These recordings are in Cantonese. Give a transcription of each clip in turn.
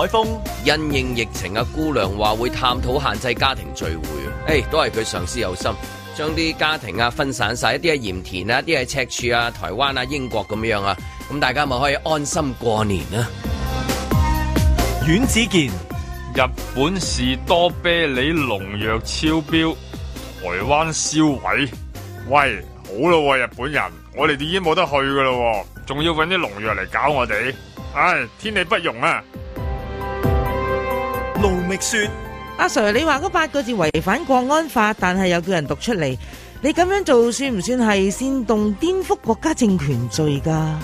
海峰因應疫情，阿姑娘話會探討限制家庭聚會。誒、哎，都係佢上司有心，將啲家庭啊分散晒，一啲喺鹽田啊，一啲喺赤柱啊、台灣啊、英國咁樣啊，咁大家咪可以安心過年啊。阮子健，日本士多啤梨農藥超標，台灣銷毀。喂，好咯、啊，日本人，我哋已經冇得去噶咯，仲要搵啲農藥嚟搞我哋，唉、哎，天理不容啊！阿、啊 Sir，你話嗰八個字違反國安法，但係又叫人讀出嚟，你咁樣做算唔算係煽動顛覆國家政權罪噶？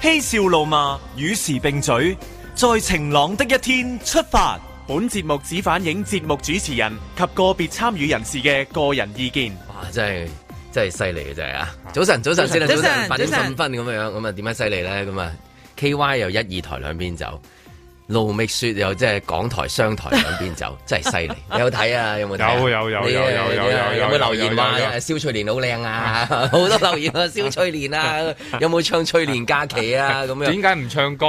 嬉笑怒罵，與時並嘴，在晴朗的一天出發。本節目只反映節目主持人及個別參與人士嘅個人意見。哇，真係真係犀利嘅真係啊！早晨，早晨，先啦，早晨，八點十五分咁樣，咁啊，點樣犀利咧？咁啊，KY 又一二台兩邊走。路未雪又即係港台商台兩邊走，真係犀利！有睇啊？有冇？有有有有有有有有冇留言話蕭翠蓮好靚啊？好多留言啊！蕭翠蓮啊，有冇唱翠蓮假期啊？咁樣？點解唔唱歌？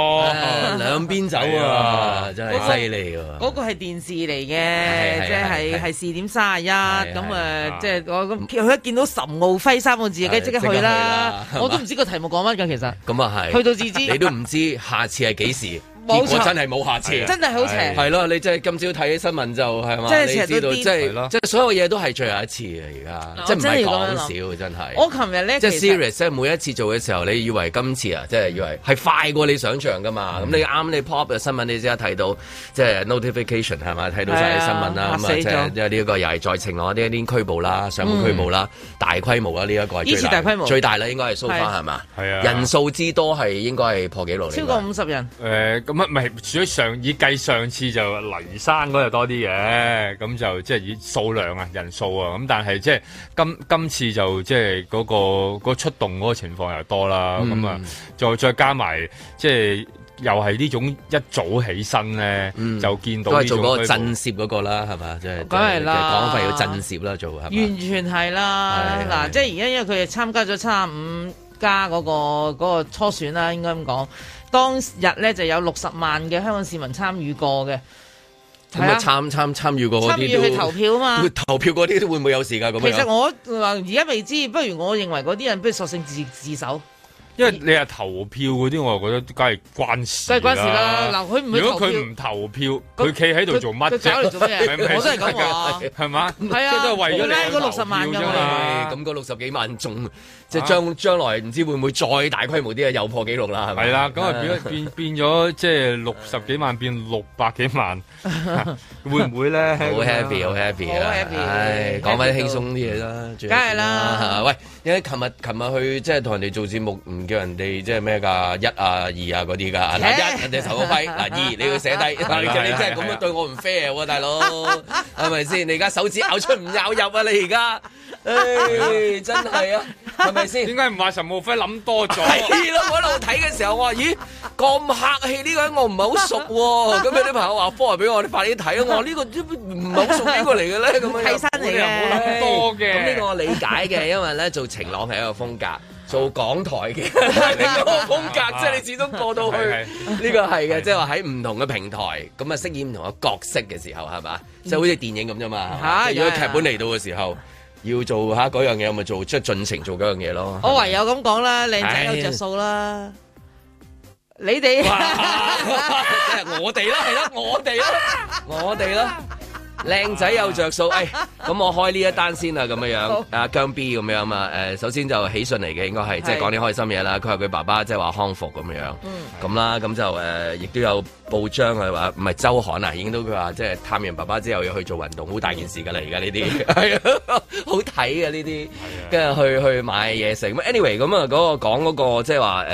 兩邊走啊！真係犀利噶！嗰個係電視嚟嘅，即係係四點卅一咁啊！即係我咁佢一見到岑敖輝三個字，即刻去啦！我都唔知個題目講乜嘅，其實咁啊係。去到自知，你都唔知下次係幾時。我真係冇下次，真係好邪。係咯，你真係今朝睇新聞就係、是、嘛，你知道即係即係所有嘢都係最後一次而家即唔係講少，真係。我琴日咧，即、就、係、是、serious，即係每一次做嘅時候，你以為今次啊，即、就、係、是、以為係快過你想象噶嘛？咁、嗯、你啱你 pop 嘅新聞，你即刻睇到即係、就是、notification 係嘛？睇到晒啲新聞啦，咁啊即係呢一個又係再情我呢一啲拘捕啦，上門拘捕啦、嗯，大規模啦呢、這個、一個。以前大規模，最大啦應該係 so far 係嘛？係啊，人數之多係應該係破紀錄。超過五十人。呃唔係，除咗上以計上次就黎生嗰度多啲嘅，咁就即係以數量啊、人數啊，咁但係即係今今次就即係嗰、嗰個嗰、嗰個、出動嗰個情況又多啦，咁、嗯、啊，再再加埋即係又係呢種一早起身咧、嗯，就見到。都係做嗰個震懾嗰個啦，係嘛？即、就、係、是。梗係啦，講費要震懾啦，做係。完全係啦，嗱，即係而家因為佢哋參加咗三十五加嗰個嗰、嗰個、初選啦、啊，應該咁講。當日咧就有六十萬嘅香港市民參與過嘅，咁啊參參參與過的，參與去投票啊嘛，投票嗰啲都會唔會有事噶、啊？咁其實我而家、呃、未知，不如我認為嗰啲人不如索性自自首，因為你係投票嗰啲，我又覺得梗係關事，梗係關事啦。嗱，如果佢唔投票，佢企喺度做乜啫？ 我真係咁話，係嘛？係啊，啊都係為咗拉嗰六十萬噶嘛，咁六十幾萬眾。即將將來唔知會唔會再大規模啲啊？又破紀錄啦！係咪？係啦，咁啊變變變咗，即係六十幾萬變六百幾萬，會唔會咧？好 happy，好 happy 啊！講翻啲輕鬆啲嘢啦，梗係啦！喂，因為琴日琴日去即係同人哋做節目，唔叫人哋即係咩㗎？一啊二啊嗰啲㗎嗱一，你受咗虧嗱二，你要寫低，你真係咁樣對我唔 fair 喎，大佬係咪先？你而家手指咬出唔咬入啊？你而家？誒、哎，真係啊，係咪先？點解唔話陳慕飛諗多咗？ 我咯，我一路睇嘅時候，我話咦，咁客氣呢、這個人我唔係好熟喎。咁有啲朋友話 call 嚟俾我，你快啲睇啊！我話呢、這個唔係好熟呢、這個嚟嘅咧。咁樣睇身你又冇諗多嘅。咁 呢個我理解嘅，因為咧做晴朗係一個風格，做港台嘅，你嗰個風格即係 你始終過到去呢 個係是嘅，即係話喺唔同嘅平台咁啊飾演唔同嘅角色嘅時候係嘛，即係、嗯、好似電影咁啫嘛。如果劇本嚟到嘅時候。要做下嗰樣嘢，我咪做即係盡情做嗰樣嘢咯。我唯有咁講啦，靚仔有著數啦，你哋我哋啦，係咯，我哋啦，我哋啦。靚仔有着數，誒、哎，咁我開呢一單先啦，咁樣樣，姜 B 咁樣啊，誒、呃，首先就喜訊嚟嘅，應該係，即係講啲開心嘢啦。佢話佢爸爸即係話康復咁樣，咁、嗯、啦，咁就誒，亦、呃、都有報章，佢話，唔係周刊啊，已經都佢話即係探完爸爸之後要去做運動，好大件事噶啦，而家呢啲，係 啊，好睇啊。呢啲，跟住去去買嘢食。咁 Anyway，咁啊嗰個講嗰、那個即係話誒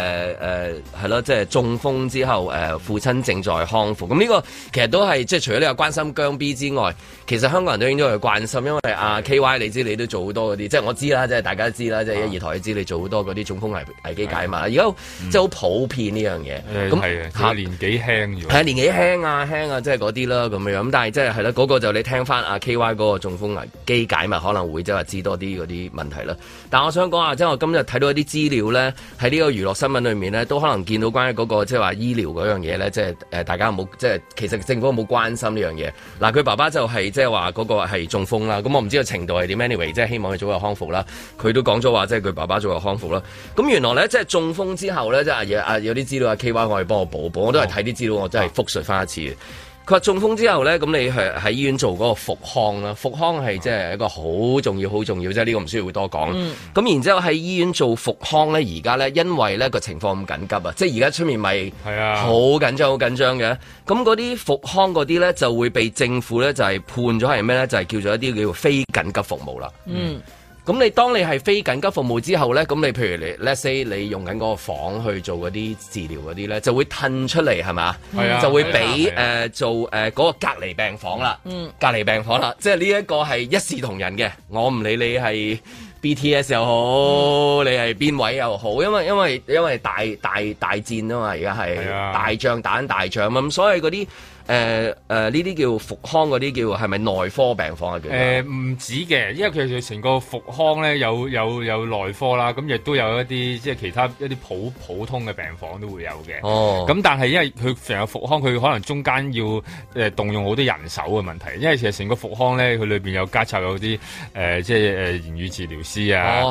誒係咯，即、就、係、是呃呃就是、中風之後誒、呃、父親正在康復。咁呢個其實都係即係除咗你話關心姜 B 之外。其實香港人都應該去關心，因為阿、啊、K Y 你知你都做好多嗰啲，即係我知啦，即係大家都知啦，即、啊、一二台你知你做好多嗰啲中風危危機解密，而家、嗯、即係好普遍呢樣嘢。咁係啊，年幾輕而家？係啊，年紀輕啊，輕啊，即係嗰啲啦，咁樣。咁但係即係係咯，嗰、那個就你聽翻阿、啊、K Y 嗰個中風危機解密可能會即係知多啲嗰啲問題啦。但我想講啊，即係我今日睇到一啲資料咧，喺呢個娛樂新聞裏面呢，都可能見到關於嗰、那個即係話醫療嗰樣嘢咧，即係誒大家冇即係其實政府冇關心呢樣嘢。嗱、啊、佢爸爸就就係即係話嗰個係中風啦，咁我唔知個程度係點，anyway，即係希望佢早日康復啦。佢都講咗話，即係佢爸爸早日康復啦。咁原來咧，即係中風之後咧，即係啊啊有啲資料啊 K Y，我哋幫我補補，我都係睇啲資料，我真係複述翻一次。佢中風之後咧，咁你係喺醫院做嗰個復康啦，復康係即係一個好重要、好重要啫。呢個唔需要會多講。咁、嗯、然之後喺醫院做復康咧，而家咧因為咧個情況咁緊急啊，即係而家出面咪好緊張、好緊張嘅。咁嗰啲復康嗰啲咧就會被政府咧就係判咗係咩咧？就係叫做一啲叫做非緊急服務啦。嗯咁你當你係非緊急服務之後咧，咁你譬如你 let's say 你用緊嗰個房去做嗰啲治療嗰啲咧，就會騰出嚟係咪？啊、嗯，就會俾誒、嗯呃、做誒嗰、呃嗰個隔離病房啦。嗯，隔離病房啦，即係呢一個係一視同仁嘅。我唔理你係 BTS 又好，嗯、你係邊位又好，因為因為因為大大大戰啊嘛，而家係大仗打緊大仗咁，所以嗰啲。誒、呃、誒、呢、呃、啲叫復康嗰啲叫係咪內科病房啊？誒、呃，唔止嘅，因為其實成個復康咧有有有內科啦，咁、嗯、亦都有一啲即係其他一啲普普通嘅病房都會有嘅。哦、咁、嗯、但係因為佢成個復康，佢可能中間要誒、呃、動用好多人手嘅問題，因為其實成個復康咧，佢裏邊有加插有啲誒、呃、即係誒、呃、言語治療師啊，好、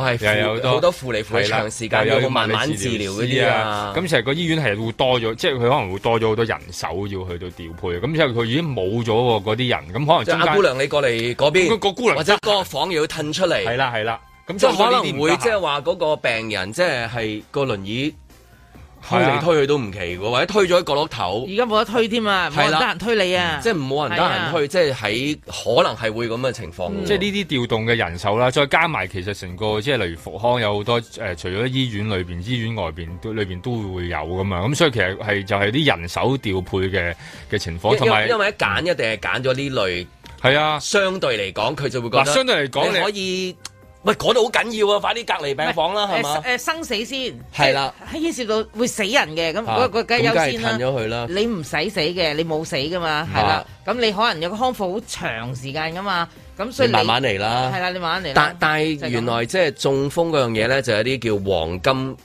哦、多，好多扶離扶離啦，長時間有慢慢治療嗰啲啊。咁、嗯、其實個醫院係會多咗，即係佢可能會多咗好多人手要去到調配。咁即係佢已經冇咗喎，嗰啲人咁可能中間。阿姑娘你過嚟嗰邊，嗰個嗰個，姑娘或者個房又要褪出嚟。係啦係啦，咁即係可能會即係話嗰個病人即係係個輪椅。啊、推嚟推去都唔奇嘅，或者推咗喺角落頭。而家冇得推添啊，冇得、啊、人推你啊！啊即係冇人得人推，啊、即係喺可能係會咁嘅情況、嗯。即係呢啲調動嘅人手啦，再加埋其實成個即係例如復康有好多誒、呃，除咗醫院裏邊、醫院外邊，裏邊都會有噶嘛。咁所以其實係就係、是、啲人手調配嘅嘅情況，同埋因，因為一揀一定係揀咗呢類。係啊，相對嚟講，佢就會覺得、啊、相對嚟講可以。喂，嗰度好緊要啊！快啲隔離病房啦，係嘛？誒生死先係啦，喺醫治到會死人嘅咁，嗰嗰梗係優先啦。梗係褪咗佢啦！你唔使死嘅，你冇死㗎嘛，係啦。咁你可能有個康復好長時間㗎嘛，咁所以慢慢嚟啦。係啦，你慢慢嚟。但但係原來即係中風嗰樣嘢咧，就有啲叫黃金。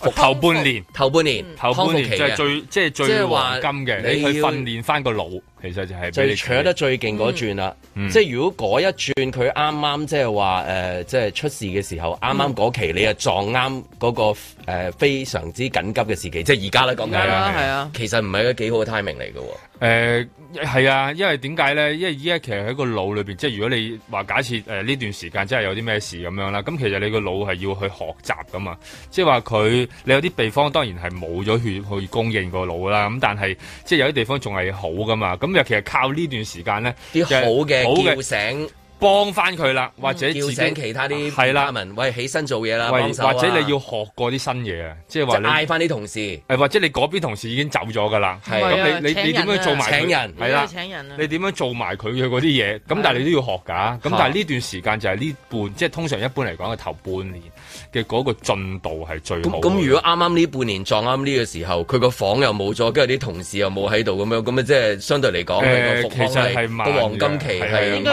頭半年，頭、嗯、半年，頭、嗯、半年就係最即係、嗯就係、最黃金嘅，你去訓練翻個腦，其實就係就係扯得最勁嗰轉啦。即係如果嗰一轉佢啱啱即係話誒，即係出事嘅時候，啱啱嗰期你啊撞啱嗰、嗰個誒、呃、非常之緊急嘅時期、嗯，即係而家咧講緊啦，係啊，啊，啊，啊，啊，其實唔係一個幾好嘅 timing 嚟㗎。誒、呃，係啊，因為點解咧？因為依家其實喺個腦裏邊，即係如果你話假設誒呢段時間真係有啲咩事咁樣啦，咁其實你個腦係要去學習噶嘛，即係話佢。你有啲地方當然係冇咗血去供應個腦啦，咁但係即係有啲地方仲係好噶嘛，咁又其實靠呢段時間咧，啲好嘅會醒。就是幫翻佢啦，或者自己叫醒其他啲 partner，喂，起身做嘢啦、幫手啊，或者你要學過啲新嘢啊，即係話嗌翻啲同事，或者你嗰邊同事已經走咗噶啦，咁、啊、你你你點樣做埋？請人係、啊、啦，請人、啊，你點樣做埋佢嘅嗰啲嘢？咁、啊、但係你都要學噶、啊，咁、啊、但係呢段時間就係呢半，即、就、係、是、通常一般嚟講嘅頭半年嘅嗰個進度係最好。咁如果啱啱呢半年撞啱呢個時候，佢個房又冇咗，跟住啲同事又冇喺度，咁樣咁啊，即係相對嚟講、欸，其實係個黃金期係應該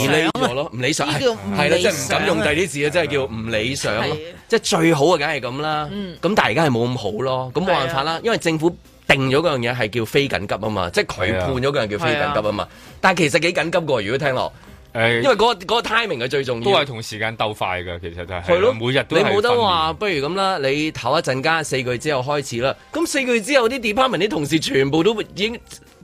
咁而咯唔理想，係、就是就是就是、啦，即係唔敢用第啲字，即係叫唔理想。即係最好啊，梗係咁啦。咁但係而家係冇咁好咯。咁冇辦法啦、啊，因為政府定咗嗰樣嘢係叫非緊急啊嘛。即係佢判咗嗰樣叫非緊急啊嘛。啊但係其實幾緊急過，如果聽落、啊，因為嗰、那個嗰、那個、timing 係最重要。都係同時間鬥快㗎，其實就係、是。咯、啊，每日都你冇得話，不如咁啦，你唞一陣間四個月之後開始啦。咁四個月之後啲 department 啲同事全部都已經。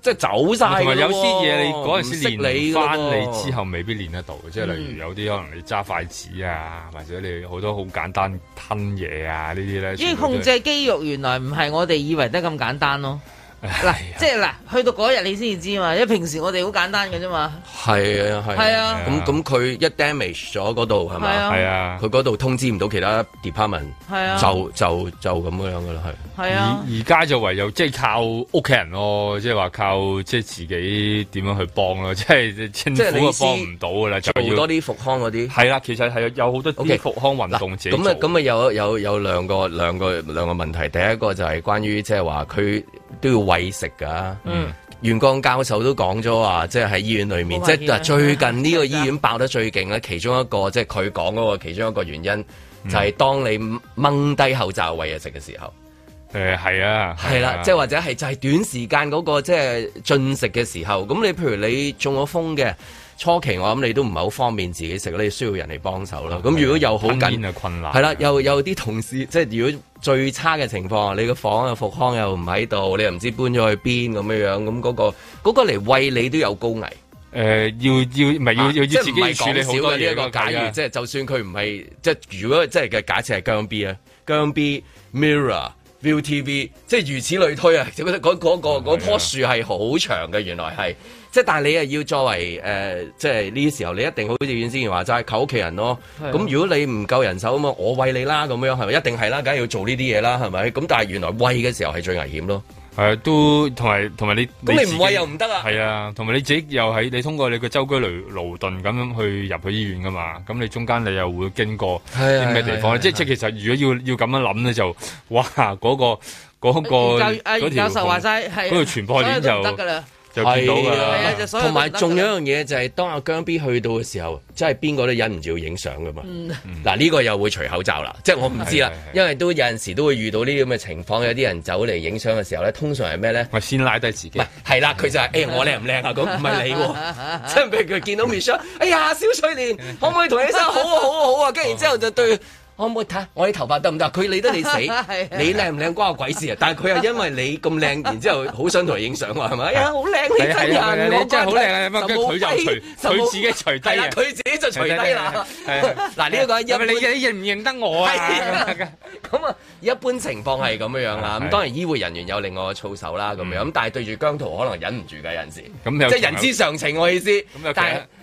即係走晒，同埋有啲嘢，嗰陣時練唔翻，你之後未必練得到。即係例如有啲可能你揸筷子啊，或者你好多好簡單吞嘢啊呢啲咧，即係控制肌肉，原來唔係我哋以為得咁簡單咯。嗱、啊，即係嗱，去到嗰日你先至知嘛，因為平時我哋好簡單嘅啫嘛。係啊，係。係啊。咁咁，佢一 damage 咗嗰度，係咪？係啊，佢嗰度通知唔到其他 department，、啊、就就就咁樣嘅啦，係。而而家就唯有即係靠屋企人咯，即係話靠即係自己點樣去幫啦、啊，即係政府幫唔到噶啦，就要做多啲復康嗰啲。係啦、啊，其實係有好多啲復康運動 okay。咁啊咁啊，有有有兩個兩個兩個問題，第一個就係關於即係話佢。都要餵食噶、啊嗯，袁剛教授都講咗話，即係喺醫院裏面，即、嗯、係、就是、最近呢個醫院爆得最勁咧、嗯，其中一個即係佢講嗰個其中一個原因，就係當你掹低口罩餵嘢食嘅時候，誒、嗯、係啊，係啦、啊，即係、啊啊就是、或者係就係短時間嗰、那個即係進食嘅時候，咁你譬如你中咗風嘅初期，我諗你都唔係好方便自己食，你需要人嚟幫手啦。咁、嗯、如果又好緊困難係啦，又、啊、有啲同事即係、就是、如果。最差嘅情況，你個房啊，復康又唔喺度，你又唔知搬咗去邊咁樣樣，咁、嗰個、嗰個嚟喂，嗰個、你都有高危。誒、呃，要要唔係要要、啊、要自己要處理好多嘢嘅、啊。即係、呢個啊、就算佢唔係，即係如果真係嘅假設係姜 B 咧，姜 B MIRROR ViuTV，即係如此類推啊！就覺得嗰嗰個嗰棵樹係好長嘅，原來係。即但係你要作為誒，即係呢啲時候你一定好似之前話齋，求屋企人咯。咁、啊、如果你唔夠人手咁嘛我餵你啦咁樣係咪？一定係啦，梗係要做呢啲嘢啦，係咪？咁但係原來餵嘅時候係最危險咯。係都同埋同埋你咁你唔餵又唔得啊？係啊，啊，同埋你自己又係你通過你個周居勞勞頓咁樣去入去醫院噶嘛？咁你中間你又會經過啲咩、啊、地方，即係即其實如果要要咁樣諗咧、那個那個那個，就哇嗰個個教授話齋係嗰個傳播鏈就得噶啦。係、啊，同埋仲有一樣嘢就係、是啊，當阿姜 B 去到嘅時候，真係邊個都忍唔住要影相噶嘛。嗱、嗯、呢、嗯這個又會除口罩啦，即係我唔知啦、啊，因為都、啊、有陣時都會遇到呢啲咁嘅情況，有啲人走嚟影相嘅時候咧，通常係咩咧？咪先拉低自己？唔係，啦、啊，佢、啊、就係，誒、哎，我靚唔靚啊？咁唔係你、啊，即係俾佢見到面相。哎呀，小翠蓮， 可唔可以同醫生好啊？好啊，好啊，跟住然之後就對。 我冇睇，我啲頭髮得唔得？佢理得你死， 啊、你靚唔靚關我鬼事啊！但係佢又因為你咁靚，然之後好想同佢影相喎，係咪、 哎、啊？好靚呢個啊！你真係好靚啦！咁佢就除，佢自己除低嘅。佢、啊、自己就除低啦。嗱呢一個，你認唔認得我啊？咁啊，一般情況係咁樣樣啦。咁當然醫護人員有另外嘅操守啦，咁樣咁，但係對住姜濤可能忍唔住㗎，嗯、時有時即係人之常情，我意思。咁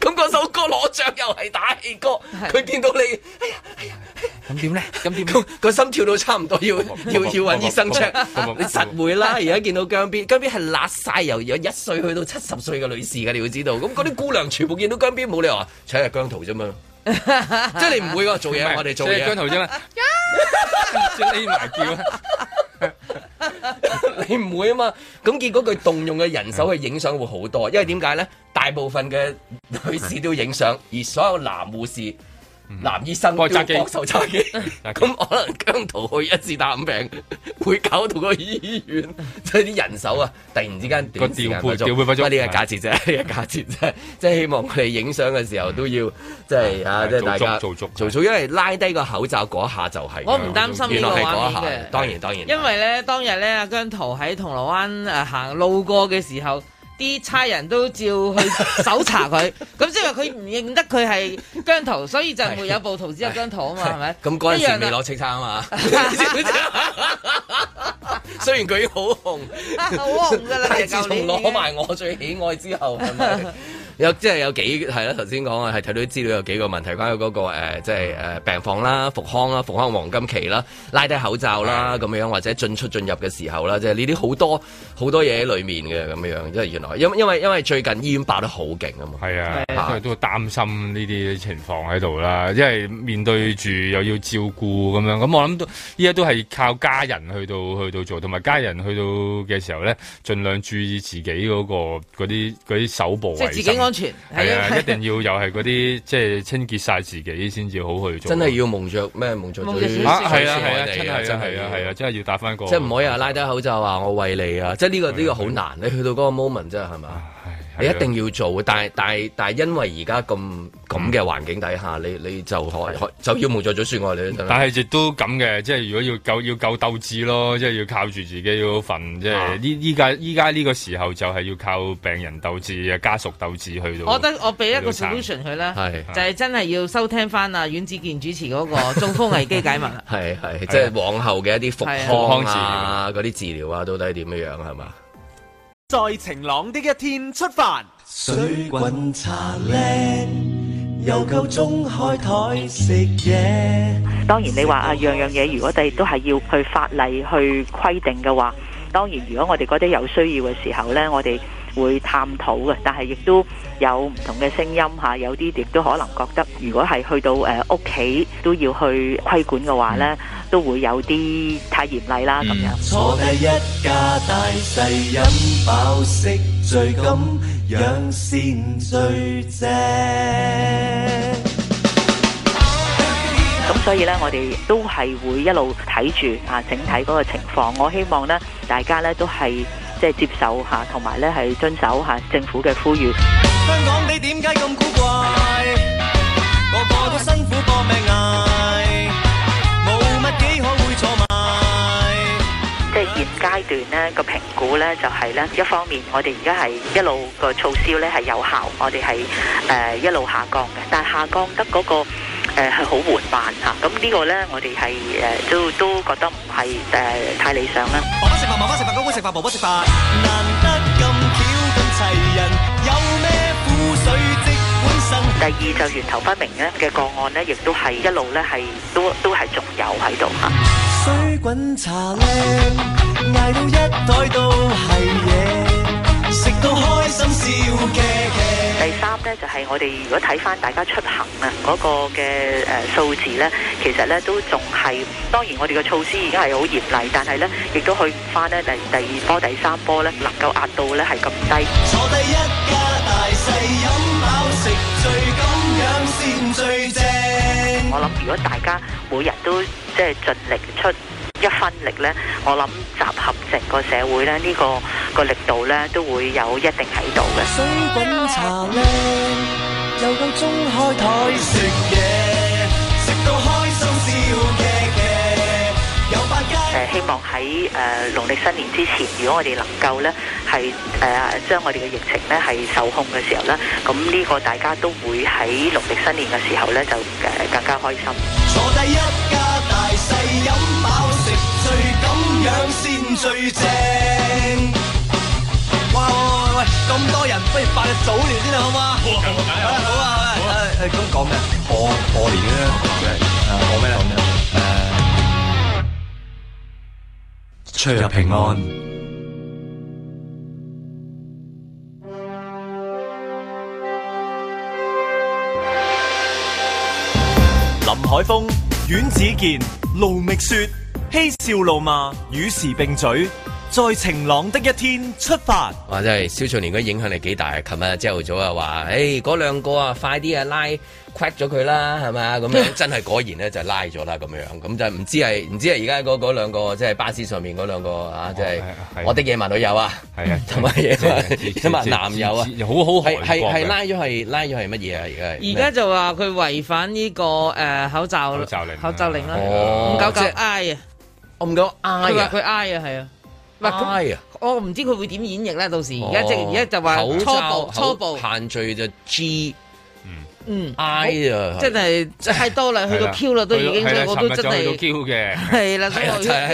咁嗰首歌攞獎又係打氣歌，佢見到你，哎呀，哎呀，咁點咧？咁點？個心跳到差唔多要要要揾醫生 check。你實會啦，而家見到姜邊，姜邊係辣晒由由一歲去到七十歲嘅女士㗎，你要知道。咁嗰啲姑娘全部見到姜邊，冇理由扯下姜濤啫嘛。即係你唔會喎，做嘢我哋做嘢姜濤啫嘛。哈哈哈！匿埋叫。 你唔會啊嘛，咁結果佢動用嘅人手去影相會好多，因為點解呢？大部分嘅女士都影相，而所有男護士。男醫生國，我受扎機，咁可能姜濤去一次探病，會搞到個醫院即係啲人手啊，突然之間個、嗯、調配調配不足，呢個假設啫，假設啫，即係希望佢哋影相嘅時候都要，即係啊，即、嗯、係大家做足做足，因為拉低個口罩嗰下就係、是，我唔擔心呢個畫面嘅，當然當然，因為咧當日咧阿姜濤喺銅鑼灣誒行路過嘅時候。啲差人都照去搜查佢，咁即係佢唔認得佢係姜濤，所以就沒有暴徒只有姜濤啊嘛，係 咪？嗰陣時未攞叱咤啊嘛！ 雖然佢好紅，好 紅㗎啦，自從攞埋我最喜愛之後。 係咪？有即係、就是、有幾係啦，頭先講係睇到啲資料有幾個問題，關於嗰、那個即係誒病房啦、復康啦、復康黃金期啦、拉低口罩啦咁樣，或者進出進入嘅時候啦，即係呢啲好多好多嘢喺裏面嘅咁樣原來，因為原來因因為因為最近醫院爆得好勁啊嘛，係啊，都擔心呢啲情況喺度啦，因為面對住又要照顧咁樣，咁我諗都依家都係靠家人去到去到做，同埋家人去到嘅時候咧，盡量注意自己嗰、那個嗰啲啲手部衞生。係啊，一定要又係嗰啲即係清潔晒自己先至好去做的真的，啊的水水的。真係要蒙着，咩蒙着？係啊係啊，真係係啊係啊，真係要打翻個。即係唔可以拉低口罩啊！我餵你啊！即係呢個呢、呢個好難。你去到嗰個 moment 啫，係嘛？係你一定要做，但係但係但係，因為而家咁咁嘅環境底下，你你就可可就要冇再咗算我哋。但係亦都咁嘅，即係如果要夠要夠鬥志咯，即係要靠住自己，要、啊、份即係呢呢屆依家呢個時候就係要靠病人鬥志啊，家屬鬥志去到。我覺得我俾一個 solution 佢啦，係就係、是、真係要收聽翻啊阮志健主持嗰個中風危機解密啦。係 係，即係、就是、往後嘅一啲復康啊，嗰啲治療啊，到底點嘅樣係嘛？是在晴朗的一天出發，水滾茶靚，又夠鐘開台食嘢。當然你，你話啊，樣樣嘢如果哋都係要去法例去規定嘅話，當然，如果我哋嗰啲有需要嘅時候呢，我哋。會探討嘅，但係亦都有唔同嘅聲音吓，有啲亦都可能覺得，如果係去到誒屋企都要去規管嘅話呢，都會有啲太嚴厲啦咁樣。坐低一家大細，飲飽食醉，咁樣先最正。咁所以呢，我哋都係會一路睇住啊，整體嗰個情況。我希望呢，大家呢都係。即係接受嚇，同埋咧係遵守嚇政府嘅呼籲。香港你點解咁古怪？個個都辛苦搏命嗌，冇乜幾可會坐埋。即係現階段咧個評估咧就係咧一方面，我哋而家係一路個促銷咧係有效，我哋係誒一路下降嘅，但係下降得嗰個。誒，係好緩慢吓，咁呢個咧，我哋係誒，都都覺得唔係誒，太理想啦。爸爸食飯，爸爸食飯，公公食飯，婆婆食飯。第二就源頭不明咧嘅個案咧，亦都係一路咧係都都係仲有喺度吓。就係我哋如果睇翻大家出行，啊嗰個嘅誒數字呢，其實呢都仲係，當然我哋嘅措施已經係好嚴厲，但係咧亦都去翻呢第第二波、第三波呢能夠壓到呢係咁低。坐低一家大細飲飽食醉咁樣先最正。我諗如果大家每日都即係盡力出。一分力呢，我諗集合成個社會呢，呢個個力度呢，都會有一定喺度嘅。誒，希望喺誒農曆新年之前，如果我哋能夠呢，係誒將我哋嘅疫情呢係受控嘅時候呢，咁呢個大家都會喺農曆新年嘅時候呢，就誒更加開心。樣先最正哇！哇喂喂喂，咁多人不如拜早年先啦，好唔好？好啊，啊，好啊，好啊。誒咁講咩？過過年嘅啦，講咩咧？誒、啊啊，出入平安。林海峰、阮子健、盧覓雪。嬉笑怒罵與時並嘴，在晴朗的一天出發。哇真係蕭創年嗰影響力幾大？琴日朝頭早啊，話誒嗰兩個啊，快啲啊拉 quit 咗佢啦，係咪啊咁樣， 真係果然咧就拉咗啦咁樣。咁就唔知係唔知係而家嗰嗰兩個即係巴士上面嗰兩個，哦，啊，即、就、係、是、我的野蠻女友啊，係啊，同埋嘢，同埋、啊 啊啊、男友啊，啊好好係係拉咗係拉咗係乜嘢啊？而家而家就話佢違反呢、這個誒、呃、口罩口罩令口罩令啦，唔九九啊。我唔夠 I 啊！佢 I 啊，係啊，唔、啊、I 啊！我唔知佢會點演繹咧，到時而家即而家就話初步，初步限聚就 G。嗯，I 啊、哎，真係太多啦，去到 Q 啦 都已經，是的我都真係 Q 嘅，係啦、嗯嗯，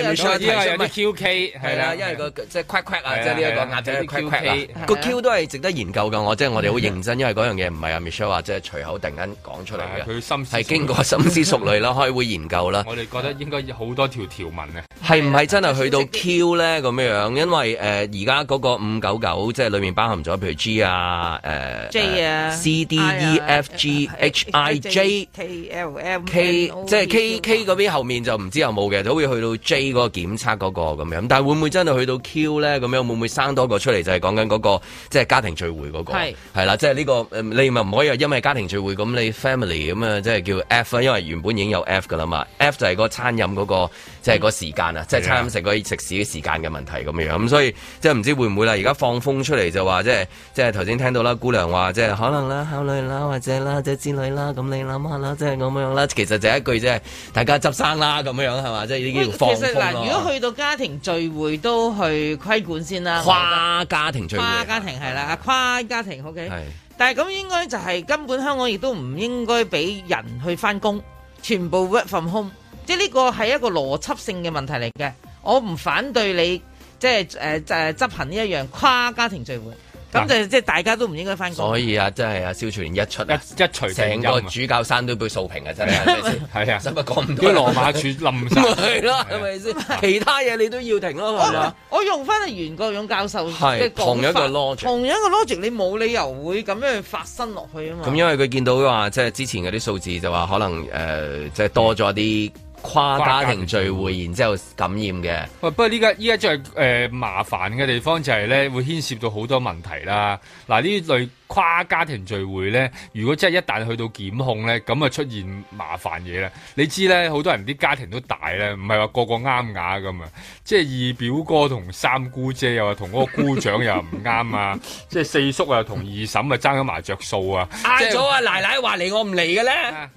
因為有啲 QK，係啦，因為、那個是的即係 q u i 啊，即係呢一個壓 q 個 Q 都係值得研究噶，是的就是、我即係我哋好認真，因為嗰樣嘢唔係阿 Michelle 話，即係隨口突然間講出嚟嘅，係經過深思熟慮啦，開會研究啦，我哋覺得應該好多條條文啊，係唔係真係去到 Q 咧咁樣？因為誒而家嗰個五九九即係裡面包含咗譬如 G 啊，誒 J 啊，C D E F。G H I J K, K L M K，即係 K K 嗰邊後面就唔知有冇嘅，就好似去到 J 嗰個檢測嗰個咁樣。但係會唔會真係去到 Q 咧？咁樣會唔會生多個出嚟、那個？就係講緊嗰個即係家庭聚會嗰個係啦。即係呢個你咪唔可以話因為家庭聚會咁你 family 咁啊，即係叫 F 呀。因為原本已經有 F 㗎啦嘛，F 就係嗰個餐飲嗰個。即係個時間啊、嗯，即係餐飲食嗰啲食肆啲時間嘅問題咁樣、嗯、樣，咁所以即係唔知會唔會啦。而家放風出嚟就話，即係即係頭先聽到啦，姑娘話即係可能啦，考慮啦，或者啦，即係之類啦。咁你諗下啦，即係咁樣啦。其實就是一句即、就、係、係、大家執生啦咁樣樣係嘛？即係已經放風其實嗱，如果去到家庭聚會都去規管先啦，跨家庭聚會，跨家庭係啦，跨家庭 OK。但係咁應該就係、係、根本香港亦都唔應該俾人去翻工，全部 work from home。即係呢個係一個邏輯性嘅問題嚟嘅，我唔反對你即係誒、呃、執行呢一樣跨家庭聚會，咁、啊、就即係大家都唔應該翻工。所以啊，真、就、係、是、啊，肖傳一出、啊、一一除，成個主教山都被掃平啊！真係，係啊，真係講唔到，啲羅馬柱冧曬，係咯，係咪先？其他嘢你都要停咯，係、啊啊啊我，啊、我用翻阿袁國勇教授嘅講法，同樣嘅 logic，同樣嘅 logic，你冇理由會咁樣去發生落去啊嘛？咁因為佢見到話，即係之前嗰啲數字就話可能、呃、即係多咗啲。跨家庭聚會，然之後感染嘅。喂、哎，不過呢家依家最誒麻煩嘅地方就係咧，會牽涉到好多問題啦。嗱，呢類。跨家庭聚會咧，如果真係一旦去到檢控咧，咁啊出現麻煩嘢啦。你知咧，好多人啲家庭都大咧，唔係話個個啱眼咁啊。即係二表哥同三姑姐又話同嗰個姑丈又唔啱啊。 即係四叔啊同二嬸啊爭緊麻雀數啊。嗌咗啊奶奶話嚟我唔嚟嘅咧，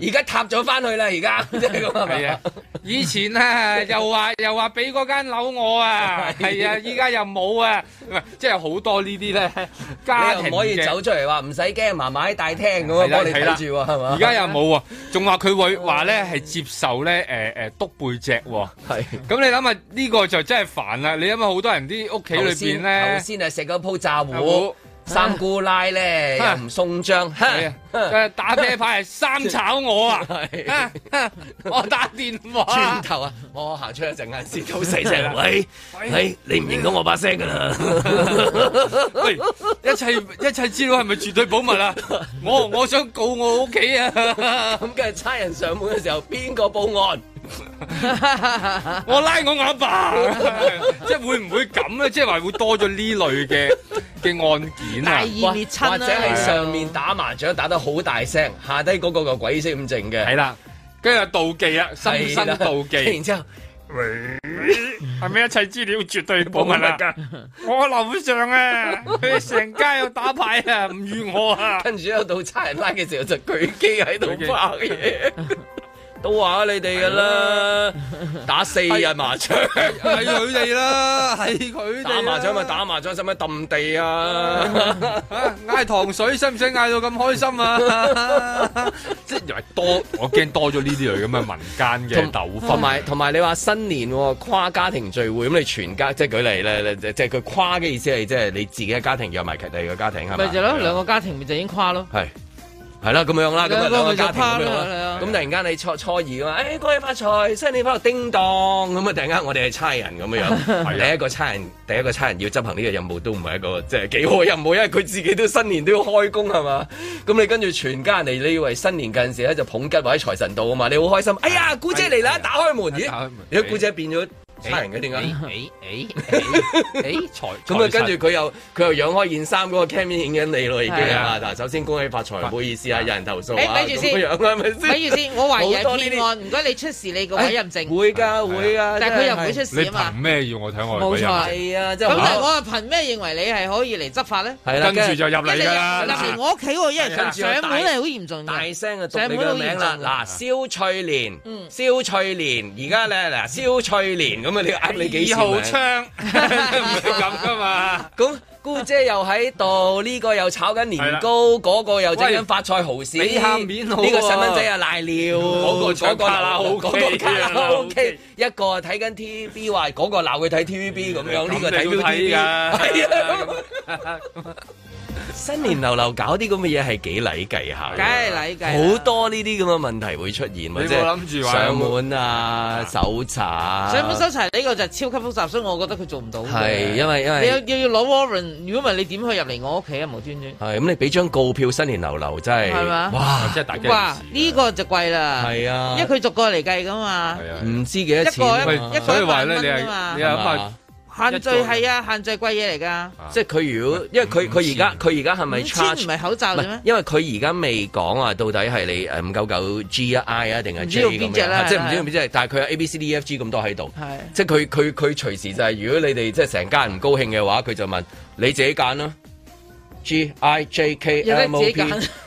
而家塌咗翻去啦而家。係啊，婆婆呢 就是、啊 以前咧、啊、又話又話俾嗰間樓我啊，係 啊，依家又冇啊，即係好多呢啲咧家庭。走出嚟話唔使驚，嫲嫲喺大廳咁，幫你睇住係嘛？而家又冇喎，仲話佢會話咧係接受咧，誒誒督背脊，係。咁你諗下呢個就真係煩啦！你諗下好多人啲屋企裏邊咧，頭先頭先係食緊鋪炸糊。三姑奶咧又唔送張，誒打啤牌？係三炒我啊！我打電話轉頭啊！我行出一陣間先，好細聲。喂喂，你唔認到我把聲噶啦？喂，一切一切資料係咪絕對保密啊？我我想告我屋企啊！咁跟住差人上門嘅時候，邊個報案？ 我拉我阿爸、爸 會會，即係會唔會咁咧？即係話會多咗呢類嘅嘅案件 啊，或者係上面打麻雀打得好大聲，下低嗰個個鬼死咁靜嘅，係啦，跟住又妒忌啊，心生妒忌，深深妒忌然後之後係咪 一切資料絕對保密啊？我樓上啊，佢 成街又打牌啊，唔預我啊， 跟住有到差人拉嘅時候，就舉機喺度拍嘢。 都話，你哋噶啦，打四日麻雀係佢哋啦，係佢打麻雀咪打麻雀，使咪揼地啊？嗌 糖水使唔使嗌到咁開心啊？ 即係又係多，我驚多咗呢啲類咁嘅民間嘅鬥，同埋同埋你話新年跨家庭聚會，咁你全家即係舉例咧，即係佢跨嘅意思係即係你自己嘅家庭約埋其他嘅家庭，係咪？咪就咯，是，兩個家庭咪就已經跨咯，係。係啦，咁樣啦，咁啊兩個家庭咁樣啦，咁、啊、突然間你初初二啊嘛，誒恭喜發財，新年翻嚟叮當咁啊！突然間我哋係差人咁嘅樣、 啊，第一個差人，第一個差人要執行呢個任務都唔係一個即係幾好嘅任務，因為佢自己都新年都要開工係嘛，咁你跟住全家人嚟，你以為新年嗰陣時咧就捧吉或者財神到啊嘛，你好開心，哎呀姑姐嚟啦、啊，打開門、啊、打開門咦，打開門你姑姐變咗。人嘅點解？誒誒誒財，咁啊跟住佢又佢又揚開件衫嗰個 camera 影緊你咯，已經嗱、啊啊，首先恭喜發財，唔、啊、好意思啊，啊，有人投訴啊，咁、欸、先。睇住先，我懷疑騙案，唔該你出示你個委任證。哎、會，會，會，會委委證啊會啊，啊，但係佢又唔會出示啊嘛。憑咩要我睇我委任？冇錯，係啊，咁我憑咩認為你係可以嚟執法咧？跟住就入嚟啦。我屋企喎，一人上門係好嚴重，大聲啊，讀你個名啦，嗱，肖翠蓮，肖翠蓮，而家咧嗱，蕭翠蓮咁。咁你呃你幾錢？二號槍唔係咁噶嘛？咁 姑姐又喺度，呢、這個又炒緊年糕，嗰、那個又整緊發菜蠔豉，呢、啊這個細蚊仔又賴尿，嗰、嗯那個、那個卡拉，嗰、OK，個卡拉。O K，一個睇緊 T V B，話嗰個鬧佢睇 T V B，咁樣呢個睇 T V B 新年流流搞啲咁嘅嘢，係幾禮計下，梗係禮計。好多呢啲咁嘅問題會出現，即係諗住話上門啊，搜查。上門搜查呢個就係超級複雜，所以我覺得佢做唔到。係因為因為你要要攞 Warrant，如果唔係你點可以入嚟我屋企啊？無端端係咁你俾張告票新年流流真係，哇！哇！呢個就貴啦。係啊，因為佢逐個嚟計噶嘛。係啊，唔知幾多錢。一個一一個一萬蚊啊！限制係啊，限制貴嘢嚟噶。即係佢如果，因為佢佢而家佢而家係咪？錢唔係口罩啫咩？因為佢而家未講話，到底係你誒五九九 G 啊 I 啊定係 G 咁樣。唔知道邊隻啦，即係唔知道邊隻。但係佢有 A B C D E F G 咁多喺度。即係佢佢佢隨時就係、是、如果你哋即係成家人唔高興嘅話，佢就問你自己揀啦。G I J K M，冇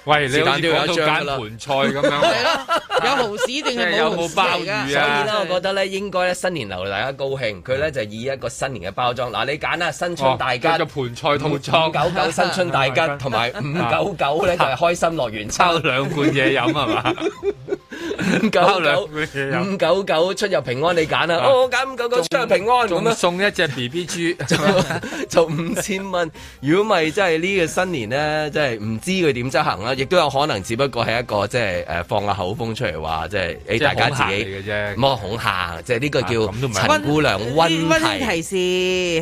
喂，你哋講到揀盤菜咁樣， 是啊、 有蚝豉定係冇鮑魚啊？我覺得咧，應該咧新年流嚟大家高興，佢咧就以一個新年嘅包裝。嗱、啊，你揀啦、啊，新春大吉，揀、哦、盤菜同五九九新春大吉，同埋五九九咧就係、是、開心樂園，抽兩罐嘢飲係嘛？五九九，五九九出入平安，你揀啦、啊啊哦，我揀五九九出入平安咁送一隻 BB 豬， 就五千蚊。如果咪真係呢個？新年咧，即係唔知佢點執行啦，亦都有可能，只不過係一個即係誒，放下口風出嚟話，即係誒，大家自己。摸恐，恐嚇，即係呢、啊，這個叫。陳姑娘温提示。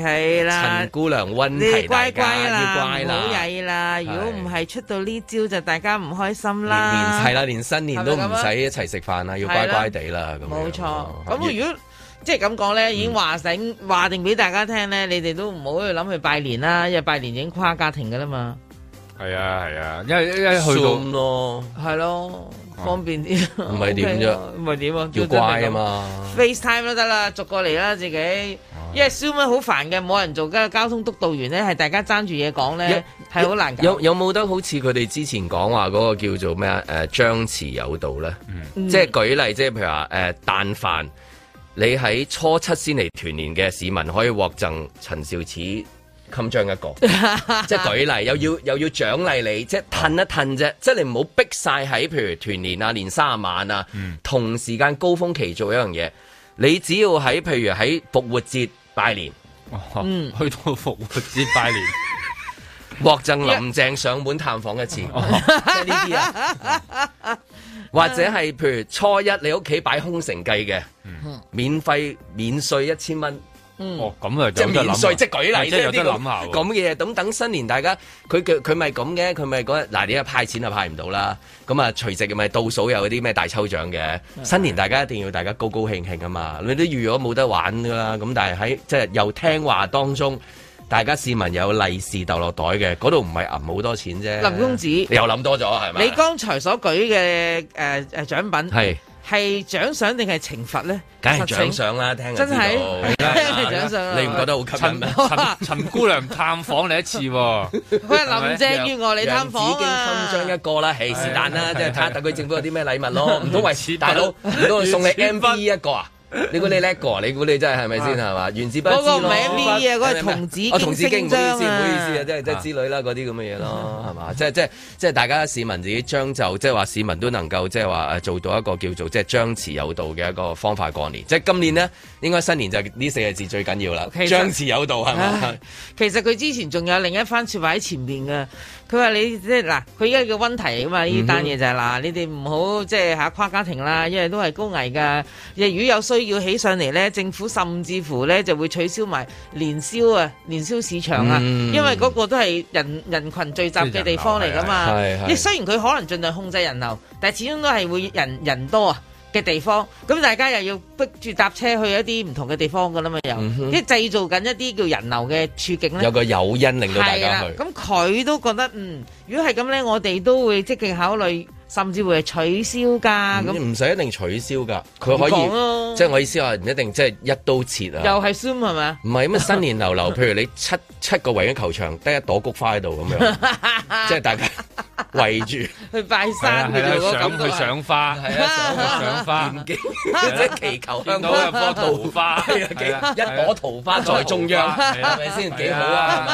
係啦。陳姑娘温提大家乖，家要乖啦，要曳啦，如果唔係出到呢招就大家唔開心啦。係啦，連新年都唔使一齊食飯啦，是是，要乖乖地啦。冇錯。咁如果。即係咁講咧，已經話醒話定俾大家聽咧、嗯，你哋都唔好去諗去拜年啦，因為拜年已經跨家庭噶啦嘛。係啊係啊，因為因為 Zoom 咯，係咯、啊，方便啲。唔係點啫？唔係點啊？叫、 okay 啊啊、乖啊嘛。FaceTime 都得啦、啊，逐過嚟啦自己。因為 Zoom 好煩嘅，冇、yeah, 人做嘅，跟住交通督導員咧係大家爭住嘢講咧，係好難。有難搞有冇得好似佢哋之前講話嗰、那個叫做咩啊？誒、呃，張弛有道咧、嗯。即係舉例，即係譬如話誒，但凡、呃你喺初七先嚟團年嘅市民可以獲贈陳肇始襟章一個， 即係舉例又要 又要獎勵你，即係褪一褪啫，即係你唔好逼晒喺，譬如團年啊、年卅晚啊，同時間高峰期做一樣嘢。你只要喺譬如喺復活節拜年、 嗯，去到復活節拜年， 獲贈林鄭上門探訪一次。咩嚟嘅？ 或者係譬如初一，你屋企擺空城計嘅，免費免稅一千蚊、嗯。哦，咁啊，即免稅即舉例，嗯即係、即舉例、嗯即係、有啲諗下。咁、就、嘅、是，咁等，等新年大家，佢佢佢咪咁嘅，佢咪日嗱，你一派錢派就派唔到啦。咁啊，除夕咪倒數有嗰啲咩大抽獎嘅。新年大家一定要大家高高興興啊嘛！你都預咗冇得玩噶啦。咁但係喺即係又聽話當中。大家市民有利是掉落袋嘅，嗰度唔係銀好多錢啫。林公子你又諗多咗係咪？你剛才所舉嘅誒誒獎品係係獎賞定係懲罰咧？梗係獎賞啦，聽日真係獎賞。你唔覺得好吸引？陳陳姑娘探訪你一次， 是是林鄭月娥你探訪已經勳章一個啦，係是但啦，即係睇下特區政府有啲咩禮物咯。唔通為此大佬，你都送你 M v 一個啊？ 你估你叻過？你估你真係係咪先係嘛？ 原子不嗰、那個唔係咩嘢？嗰個、哦、童子經，唔好意思，唔好意思啊！即係即係之類啦，嗰啲咁嘅嘢咯，係、啊、嘛？即係即係即係，大家市民自己將就，即係話市民都能夠即係話誒，做到一個叫做即係張弛有道嘅一個方法過年。即係今年呢，應該新年就呢四個字最緊要啦。張弛有道，係、啊、嘛？其實佢之前仲有另一番說話喺前面嘅。佢話你即係嗱，佢依家叫温提啊嘛，呢單嘢就係、是、嗱，mm -hmm. 你哋唔好即係嚇跨家庭啦，因為都係高危噶。如果有需要起上嚟咧，政府甚至乎咧就會取消埋年宵啊、年宵市場啊，mm -hmm. 因為嗰個都係人人群聚集嘅地方嚟噶嘛。咦，雖然佢可能盡量控制人流，但係始終都係會人人多啊。嘅地方，咁大家又要逼住搭車去一啲唔同嘅地方噶啦嘛，又即係製造緊一啲叫人流嘅處境咧。有個誘因令到大家去。咁佢都覺得嗯，如果係咁咧，我哋都會積極考慮，甚至會係取消㗎。唔唔使一定取消㗎，佢可以即係我意思話唔一定即係一刀切啊。又係 Zoom 係咪啊？唔係咁啊，新年流流，譬如你七七個維園球場，得一朵菊花喺度咁樣，即係大家。圍住去拜山，去賞去賞花，係啊，賞花點景，即係祈求。見到有棵桃花，係啊，一朵桃花在中央，係咪先？幾好啊，係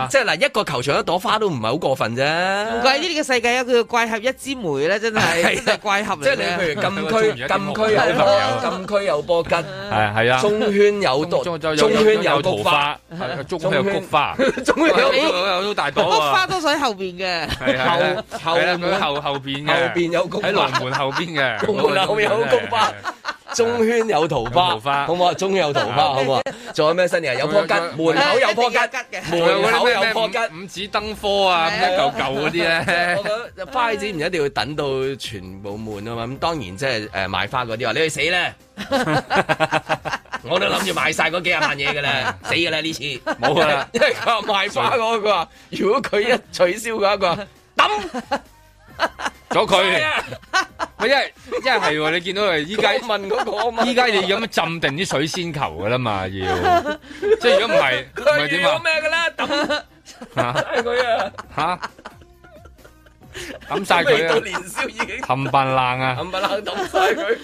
咪？即係嗱，一個球場一朵花都唔係好過分啫。唔怪啲呢個世界有叫怪俠一枝梅咧，真係真係怪俠。即係你譬如禁區，禁區有，禁區有波根，係啊，係啊，中圈有毒，中圈有桃花，中圈有菊花，中圈有大朵，菊花都喺後邊嘅後。後門後面後邊嘅後邊有公喺龍門後邊嘅，後有公花， 中圈，花啊、花好好 中圈有桃花，好唔好啊？中圈有桃花，好唔好？仲有咩新嘢？有棵吉有有，門口有吉有吉嘅，門口有棵吉有，五子登科啊！一嚿嚿嗰啲咧，我諗花展唔一定要等到全部滿啊嘛。咁 當然即係誒賣花嗰啲話，你去死啦！ 我都諗住賣晒嗰幾廿萬嘢噶啦，死噶啦呢次，冇啦。因為賣花嗰、嗰個，如果佢一取消嘅、嗰、一個。咁咗佢，我因為因為係你見到佢，依家問嗰個嘛，依家你要乜浸定啲水仙球噶啦嘛要？要，即係如果唔係，咪點啊？抌晒佢啊！吓？抌晒佢啊！年宵已經冚唪冷啊！冚唪冷丟光丟光，啊，抌晒佢！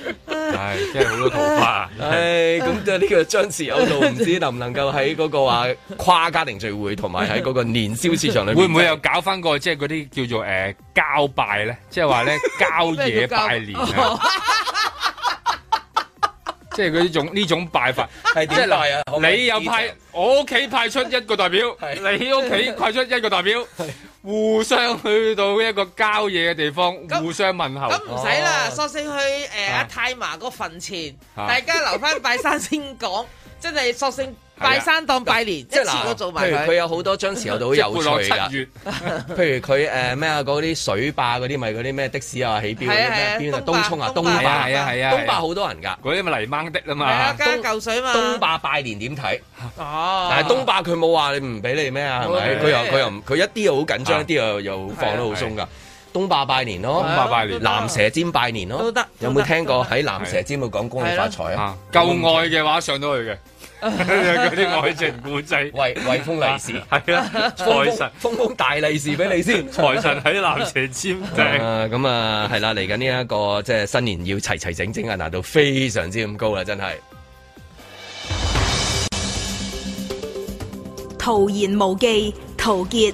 係，真係好多桃花啊！唉、哎，咁即係呢個張弛有度，唔 知能唔能夠喺嗰個話跨家庭聚會，同埋喺嗰個年宵市場裏，會唔會又搞翻個即係嗰啲叫做誒、呃、交拜咧？即係話咧交野拜年即係嗰啲種呢種拜法係點拜啊？你又派，我屋企派出一個代表， 你屋企派出一個代表。 互相去到一個郊野嘅地方，互相問候。咁唔使啦，索性去誒阿、呃啊、太嫲個墳前，大家留翻拜山先 講真係索性。拜山當拜年，即、啊、一次過做埋佢。佢有好多張詞，又到有趣啊！ 浪 譬如佢誒咩啊，嗰、呃、啲水壩嗰啲，咪嗰啲咩的士啊、起標啊、東涌啊、東霸係啊係啊，東壩好多人噶，嗰啲咪泥掹的啦嘛。東壩拜年點睇、啊？但係東壩佢冇話你唔俾你咩啊？係咪？佢又佢又佢一啲又好緊張，一啲又又放得好鬆噶。東壩拜年咯，東霸拜年，啊、南蛇尖拜年咯，都得。有冇聽過喺南蛇尖度講恭喜發財啊？夠愛嘅話上到去嘅。嗰 啲愛情故仔，為為封利、 啊財 就是係啊財神封封大利是俾你先，財神喺南斜簽，咁啊係啦。嚟緊呢一個即係新年要齊齊整整啊，難度非常之咁高啦，真係。陶言無忌，陶傑。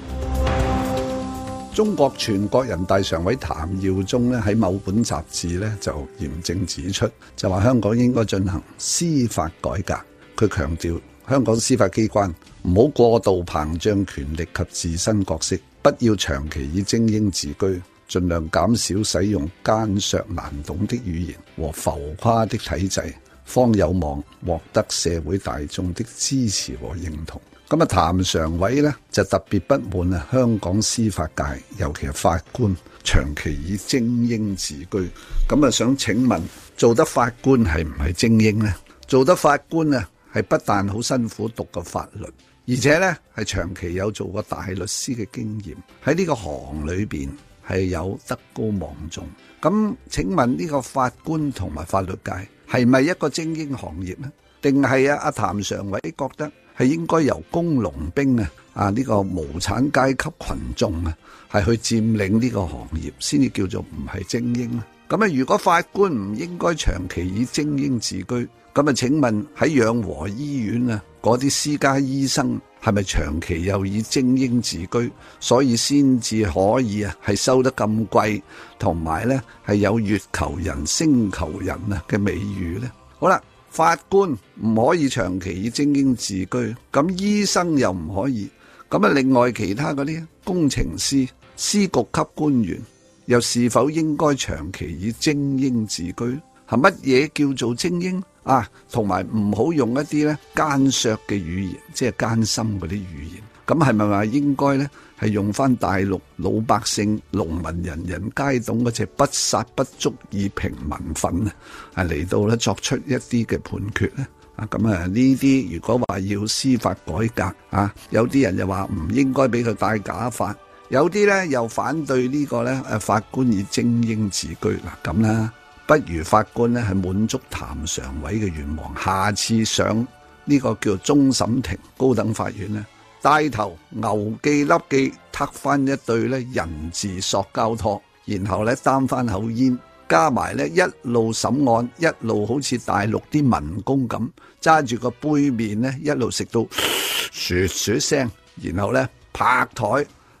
中國全國人大常委譚耀宗呢，喺某本雜誌呢，就嚴正指出，就話香港應該進行司法改革。佢強調香港司法機關唔好過度膨脹權權力及自身角色，不要長期以精英自居，儘量減少使用艱澀難懂的語言和浮誇的體制，方有望獲得社會大眾的支持和認同。咁啊，譚常委呢就特別不滿啊，香港司法界尤其係法官長期以精英自居，咁啊想請問做得法官係唔係精英呢？做得法官啊？係不但好辛苦讀過法律，而且呢係長期有做過大律師嘅經驗，喺呢個行業裏邊係有德高望重。咁請問呢個法官同埋法律界係咪一個精英行業呢？定係啊？阿譚常委覺得係應該由工農兵啊啊呢，呢個無產階級群眾啊，係去佔領呢個行業，先至叫做唔係精英啊？咁啊？如果法官唔應該長期以精英自居，咁啊？請問喺養和醫院啊，嗰啲私家醫生係咪長期又以精英自居，所以先至可以啊？係收得咁貴，同埋呢，係有月球人、星球人啊嘅美譽呢。好啦，法官唔可以長期以精英自居，咁醫生又唔可以，咁啊？另外其他嗰啲工程師、司局級官員又是否應該長期以精英自居？係乜嘢叫做精英啊？同埋唔好用一啲咧奸削嘅語言，即係艱深嗰啲語言。咁係咪話應該咧係用翻大陸老百姓、農民人人皆懂嗰隻不殺不足以平民憤啊？嚟到咧作出一啲嘅判決咧啊！咁啊呢啲如果話要司法改革啊，有啲人又話唔應該俾佢戴假髮，有啲咧又反對個呢個咧誒法官以精英自居嗱咁啦。啊不如法官呢，係滿足譚常委嘅願望，下次上呢個叫終審庭高等法院呢，帶頭牛記粒記撻返一對呢人字塑膠拖，然後呢擔翻口煙，加埋呢一路審案一路好似大陸啲民工咁揸住個杯麵呢，一路食到「嘘嘘」聲，然後呢拍台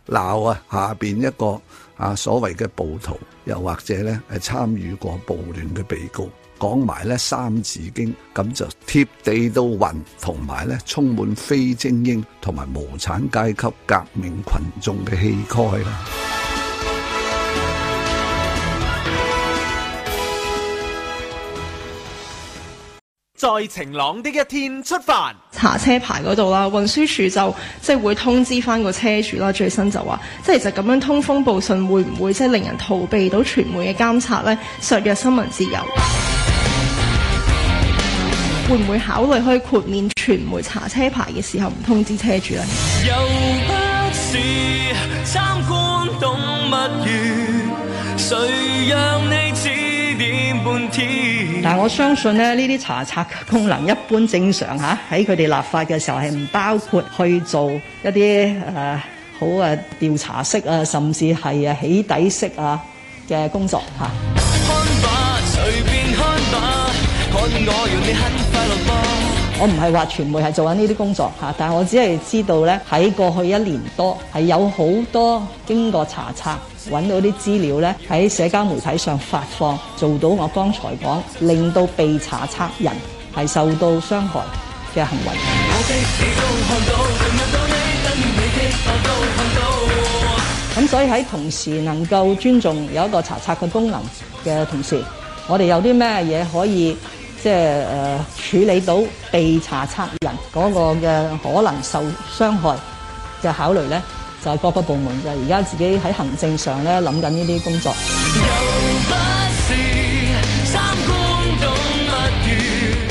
鬧啊下邊一個啊所謂嘅暴徒。又或者咧，係參與過暴亂嘅被告，講埋咧《三字經》，咁就貼地到暈，同埋咧充滿非精英同埋無產階級革命群眾嘅氣概啦。在晴朗的一天出發，查車牌嗰度啦，運輸署就即係、就是、會通知翻個車主啦。最新就話，即係其實咁樣通風報信會唔會即係令人逃避到傳媒嘅監察呢？削弱新聞自由， 會唔會考慮可以豁免傳媒查車牌嘅時候唔通知車主咧？又不是參觀動物但係我相信咧，呢啲查冊功能一般正常吓，喺佢哋立法嘅時候係唔包括去做一啲誒、呃、好誒調查式啊，甚至係啊起底式啊嘅工作吓。看法我唔係話傳媒係做緊呢啲工作吓，但係我只係知道咧，喺過去一年多係有好多經過查冊揾到啲資料咧喺社交媒體上發放，做到我剛才講，令到被查冊人係受到傷害嘅行為。咁所以喺同時能夠尊重有一個查冊嘅功能嘅同時，我哋有啲咩嘢可以？即係誒處理到被查冊人嗰個嘅可能受傷害嘅考慮咧，就係、是、各個部門就係而家自己喺行政上咧諗緊呢啲工作。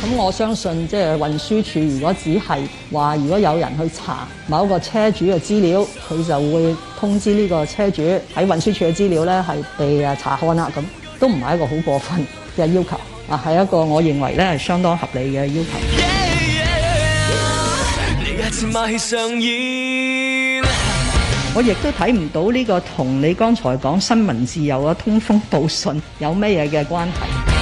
咁我相信即係運輸署，如果只係話如果有人去查某個車主嘅資料，佢就會通知呢個車主喺運輸署嘅資料咧係被查看啦，咁都唔係一個好過分嘅要求。啊，係一個我認為呢係相當合理嘅要求。我亦都睇唔到呢個同你剛才講新聞自由嘅通風報信有咩嘢嘅關係。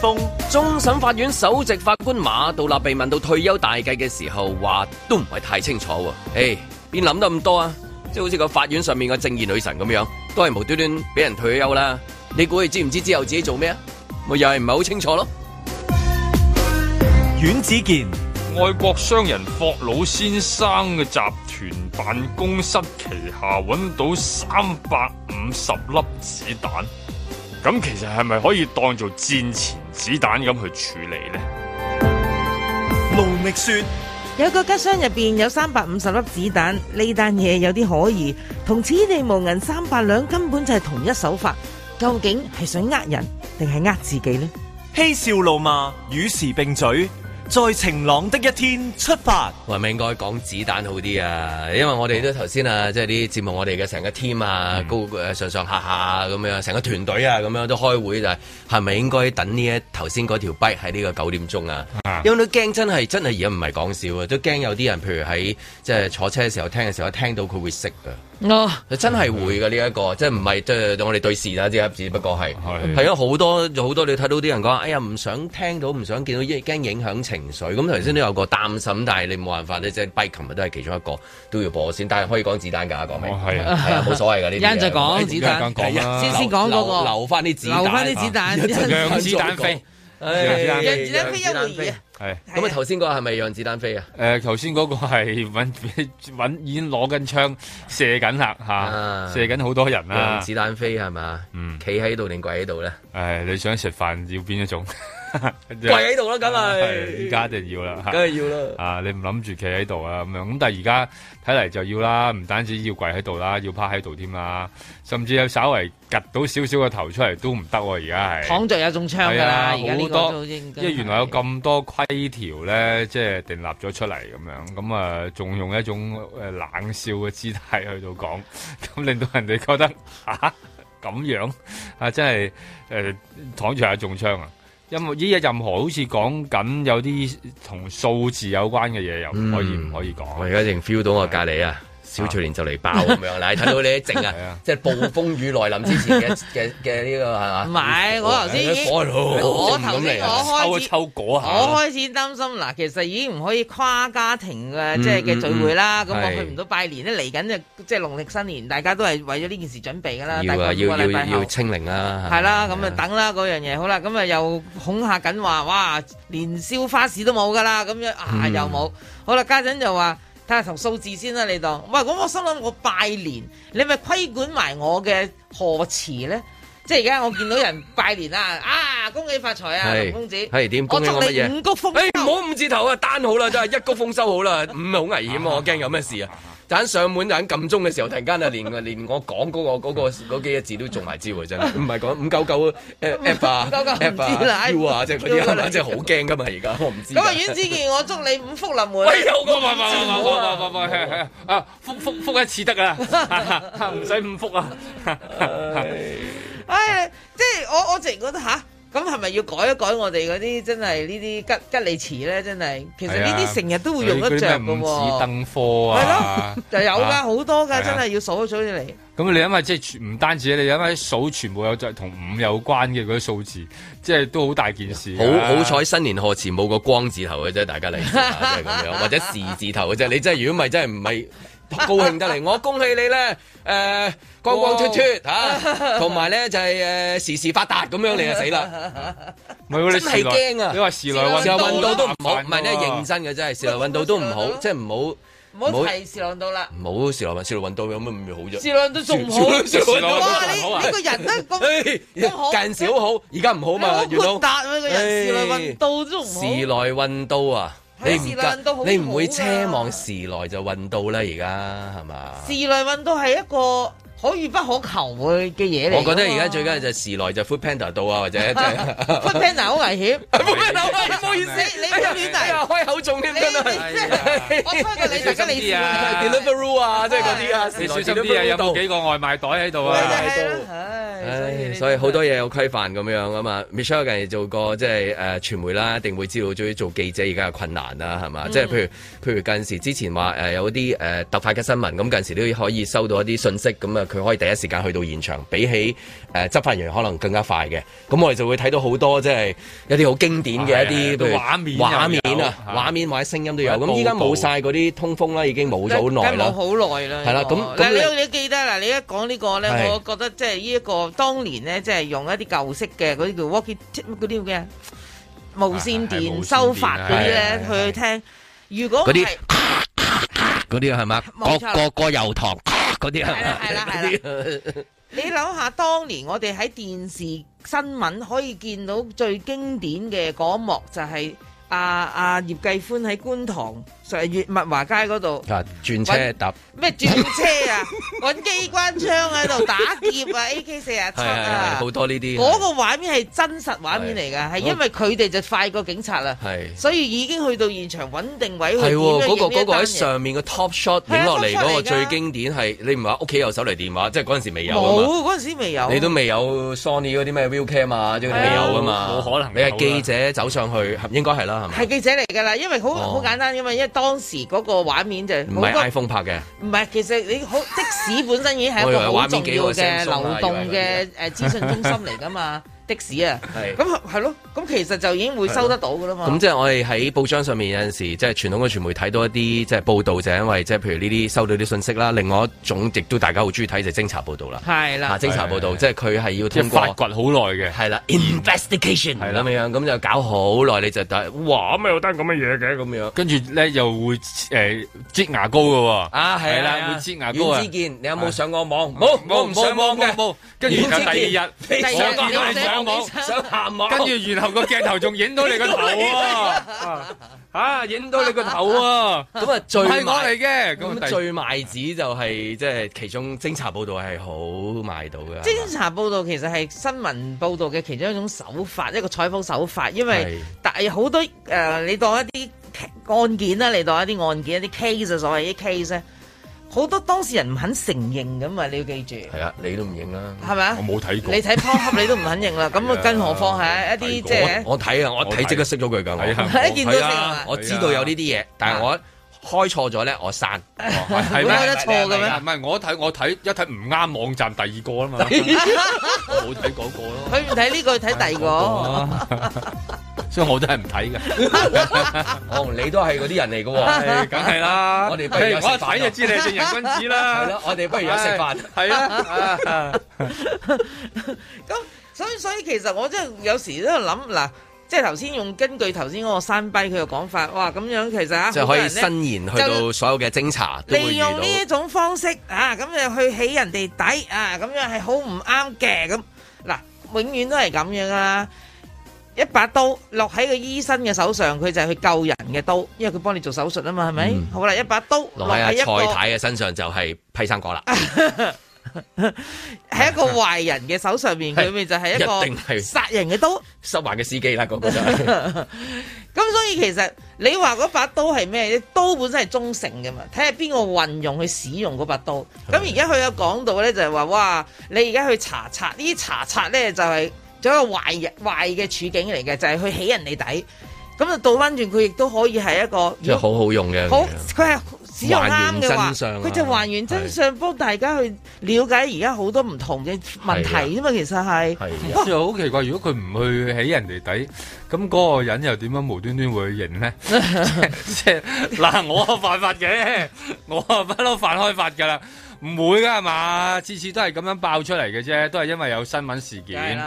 終審法院首席法官馬道立被問到退休大計嘅時候，話都唔係太清楚喎。唉、哎，邊諗得咁多啊？即係好似個法院上面個正義女神咁樣，都係無端端俾人退休啦。你估佢知唔知道之後自己做咩啊？咪又係唔係好清楚咯。阮子健，外國商人霍老先生嘅集團辦公室旗下搵到三百五十粒子彈，咁其實係咪可以當做戰前子彈咁去處理呢？盧覓說：有個吉箱入邊有三百五十粒子彈，呢單嘢有啲可疑，同此地無銀三百兩，根本就係同一手法。究竟係想呃人定係呃自己呢？嬉笑怒罵，與時並嘴。在晴朗的一天出發，係咪應該講子彈好啲啊？因為我哋都頭先啊，即係啲節目，我哋嘅成個 team 啊，高、嗯、上上下下咁樣，成個團隊啊咁樣都開會就係，係咪應該等呢一頭先嗰條 bite 喺呢個九點鐘啊？嗯、因為都驚真係真係而家唔係講笑啊，都驚有啲人譬如喺即係坐車嘅時候聽嘅時候，聽到佢會識啊。啊、哦！真係會㗎呢一個，即係唔係即係我哋對事啦，只不過係係係，係因為好多好多你睇到啲人講，哎呀唔想聽到，唔想見到，驚影響情緒。咁頭先都有個、嗯、擔心，但係你冇辦法你即係拜琴日都係其中一個都要播先，但係可以講子彈㗎，講明係啊，冇所謂㗎呢啲嘢。一陣講子彈，要要先先講嗰個留返啲子彈，留翻啲子彈，兩、啊、子，子彈飛，兩子彈飛係，咁啊頭先嗰個係咪讓子彈飛啊？誒、呃，頭先嗰個係揾揾已經攞緊槍射緊啦吓，射緊好多人啦，啊，用子彈飛係嘛？嗯，企喺度定跪喺度咧？誒、哎，你想食飯要邊一種？ 跪喺度啦，梗係而家一定要啦，梗係要啦。啊，你唔諗住企喺度啊咁樣。咁但係而家睇嚟，就要啦，唔單止要跪喺度啦，要趴喺度添啦，甚至有稍微夾到少少個頭出嚟都唔得、啊。而家係躺着有中槍噶啦，而家呢好多，即係原來有咁多規條咧，即係定立咗出嚟咁樣。咁啊，仲用一種誒冷笑嘅姿態去到講，咁令到人哋覺得吓咁樣啊，真係誒躺着有中槍啊！因任，任何好似講緊有啲同數字有關嘅嘢、嗯，又唔可以唔可以講？我而家淨係 feel 到我隔離啊！ 小翠蓮就嚟爆咁樣啦，睇 到你一靜嘅，即 係暴風雨來臨之前嘅嘅呢個係嘛？唔係，我頭先、哎、我頭先我開始抽抽、啊、我開始擔心嗱，其實已經唔可以跨家庭嘅、嗯、即係嘅聚會啦。咁、嗯嗯、我去唔到拜年咧，嚟緊就即係農曆新年，大家都係為咗呢件事準備㗎啦。大啊，要要要清零啦、啊。係啦，咁啊那等啦嗰樣嘢。好啦，咁啊又恐嚇緊話，哇！年宵花市都冇㗎啦，咁樣啊、嗯嗯、又冇。好啦，家陣就話。睇下同數字先啦、啊，你當喂咁，我心諗我拜年，你咪規管埋我嘅賀詞咧。即係而家我見到人拜年啦、啊，啊恭喜發財啊，龍公子，係點恭喜我乜嘢？祝你五穀豐哎，唔好五字頭啊，單好啦，真係一穀豐收好啦，五 好危險喎、啊，我驚有咩事啊！等上門，等撳鐘嘅時候，突然間啊，連連我講嗰個嗰個嗰幾個字都仲埋招嘅真係，唔係講五九九 app 啊，app 啊，即係啲啊，真係好驚㗎嘛，而家我唔知。咁啊，阮子健，我祝你五福臨門。喂，有個唔係唔唔唔唔唔唔啊，福福福一次得啊，唔使五福啊。唉，即係我我直認覺得嚇。咁係咪要改一改我哋嗰啲真係呢啲吉吉利詞咧？真係，其實呢啲成日都會用得着嘅喎。唔似登科啊，係咯、啊 啊啊，就有噶，好多噶，真係要數一數嚟。咁你諗下，即係唔單止，你諗下數全部有就同五有關嘅嗰啲數字，即、就、係、是、都好大件事、啊。好好彩新年賀詞冇個光字頭嘅啫，大家嚟，即係咁樣， 或者時字頭嘅啫。你真係如果唔係，真係唔係。 高興得嚟，我恭喜你咧！誒、呃，光光脫脫吓，同埋咧就係、是、誒、呃，時時發達咁樣，你就死啦！唔係喎，你係驚，你話時來運到都唔好，唔係咧，認真嘅，真係，時來運到都唔好，即係唔好唔好提時來運到啦，唔、啊、好時來運運到有乜唔好啫？時來運到仲唔好？哇，你你個人都咁咁好，人事好好，而家唔好嘛？好豁達時來運到仲唔好？時來運到啊！欸 你唔 你唔 會奢望時來就運到啦。而家係嘛，時來運到係一個。可遇不可求嘅嘢嚟。我覺得而家最緊要就時來就 Foodpanda 度啊，或者、啊、 Foodpanda 好危險。冇 對 唔好意思。 你亂、哎哎哎、開口仲啊，即係嗰啲啊，啊就是啊 哎、時你啊啊 有，有幾個外賣袋喺度啊？喺度。唉、就是啊哎，所以好、哎、多嘢有規範咁樣啊嘛。Michelle 近嚟做過即係誒、呃、傳媒啦，一定會知道做做記者而家嘅困難啦，係嘛？即係譬如譬如近時之前話誒有啲誒突發嘅新聞，咁近時都要可以收到一啲信息咁啊。佢可以第一時間去到現場，比起誒、呃、執法人員可能更加快嘅。咁我哋就會睇到好多即係一啲好經典嘅一啲畫面，畫面啊、畫面或者聲音都有。咁依家冇晒嗰啲通風啦，已經冇咗好耐啦。冇好耐啦。係、這、啦、個，咁你你記得嗱？你一講呢、這個咧，我覺得即係呢一個當年咧，即係用一啲舊式嘅嗰啲叫 walkie 嗰啲叫咩啊？無線電收發嗰啲咧去聽。如果嗰啲 嗰啲係嘛，個個個油塘嗰啲啊，係係啦。你諗下當年我哋喺電視新聞可以見到最經典嘅嗰一幕，就、啊，就係啊啊葉繼歡喺觀塘。就係密物華街嗰度，啊，轉車搭咩轉車啊？揾 機關槍喺度打劫啊！AK 四七啊，好 多呢啲。嗰、嗰個畫面係真實畫面嚟㗎，係因為佢哋就快過警察啦，所以已經去到現場揾定位去點嗰、嗰個喺、嗰個、上面個 Top Shot 影落嚟嗰個最經典，係你唔係屋企有手提電話，即係嗰時未有啊嘛？冇，嗰時未有，你都未有 Sony 嗰啲咩 ViewCam 仲未有㗎嘛。冇可能。你係記者走上去，應該係啦，係咪？係記者嚟㗎啦，因為好好、哦、簡單㗎嘛，一。當時嗰個畫面就唔係 iPhone 拍嘅。唔係其實你好的士本身已經係一個好重要嘅流動嘅誒資訊中心嚟㗎嘛。 的士啊，咁係咯，咁其實就已經會收得到噶啦嘛。咁即係我哋喺報章上面有陣時，即係傳統嘅傳媒睇到一啲即係報導，就係因為即係譬如呢啲收到啲信息啦。另外一種亦都大家好中意睇就係、是、偵查報導啦。係啦、啊，偵查報導即係佢係要通過發掘好耐嘅。係啦，investigation 係咁樣，咁就搞好耐，你就睇哇，咁又得咁嘅嘢嘅咁樣呢。跟住咧又會誒擠、呃、牙膏㗎喎。啊，係啦，會擠牙膏啊。袁子健，你有冇上過網？冇，我唔上網嘅。跟住第二日， 想探望，跟住 然後個鏡頭仲影到你個頭啊！嚇、 啊，影、啊、到你個頭啊！咁 啊，最係我嚟嘅。咁最賣紙就係即係其中偵查報導係好賣到嘅。偵查報導其實係新聞報導嘅其中一種手法， 一個採訪手法。因為但係好多誒、 呃，你當一啲案件啦，你當一啲案件，一啲 case 啊，所謂啲 case 咧。好多當事人唔肯承認咁啊！你要記住。係啊，你都唔認啦。係咪 啊，啊？我冇睇過。你睇 Pop-up 你都唔肯認啦，咁啊，更何況係一啲即係我睇啊！我睇即刻識咗佢噶。我啊，我一見到我知道有呢啲嘢，但係我開錯咗咧，我刪。係、啊、咩？冇開得錯嘅咩？唔係我睇，我睇一睇唔啱網站第二個啊嘛。我冇睇嗰個咯。佢唔睇呢個睇第二個。 所以我都係唔睇嘅。哦，你都係嗰啲人嚟嘅喎，梗係啦。我哋不如食飯，一睇就知你係正人君子啦。係咯，我哋不如有食飯。係啦。咁，所以所以其實我真係有時喺度諗嗱，即係頭先用根據頭先嗰個山畢佢嘅講法，哇咁樣其實啊，就可以伸延去到所有嘅偵查，利用呢一種方式啊，咁樣去起人哋底啊，咁樣係好唔啱嘅。咁嗱，永遠都係咁樣啊。一把刀落喺個醫生嘅手上，佢就係去救人嘅刀，因為佢幫你做手術啊嘛，係咪，嗯？好啦，一把刀落喺阿蔡太嘅身上就係批生果啦，喺 一個壞人嘅手上面，佢 咪就係一個定係殺人嘅刀，失環嘅司機啦，嗰個就咁 所以其實你話嗰把刀係咩咧？刀本身係忠誠嘅嘛，睇下邊個運用去使用嗰把刀。咁而家佢有講到咧，就係話哇，你而家去查冊呢啲查冊咧，就係，是。仲有個壞嘅壞嘅處境嚟嘅，就係去起人哋底。咁啊倒翻轉，佢亦都可以係一個即係好好用嘅。好，佢係使用啱嘅話，佢就還原真相，幫大家去了解而家好多唔同嘅問題啫嘛。其實係哇，好奇怪，如果佢唔去起人哋底，咁嗰個人又點樣無端端去會認呢？即係嗱，我犯法嘅，我不嬲犯開法噶啦。唔會噶係嘛？次次都係咁樣爆出嚟嘅啫，都係因為有新聞事件，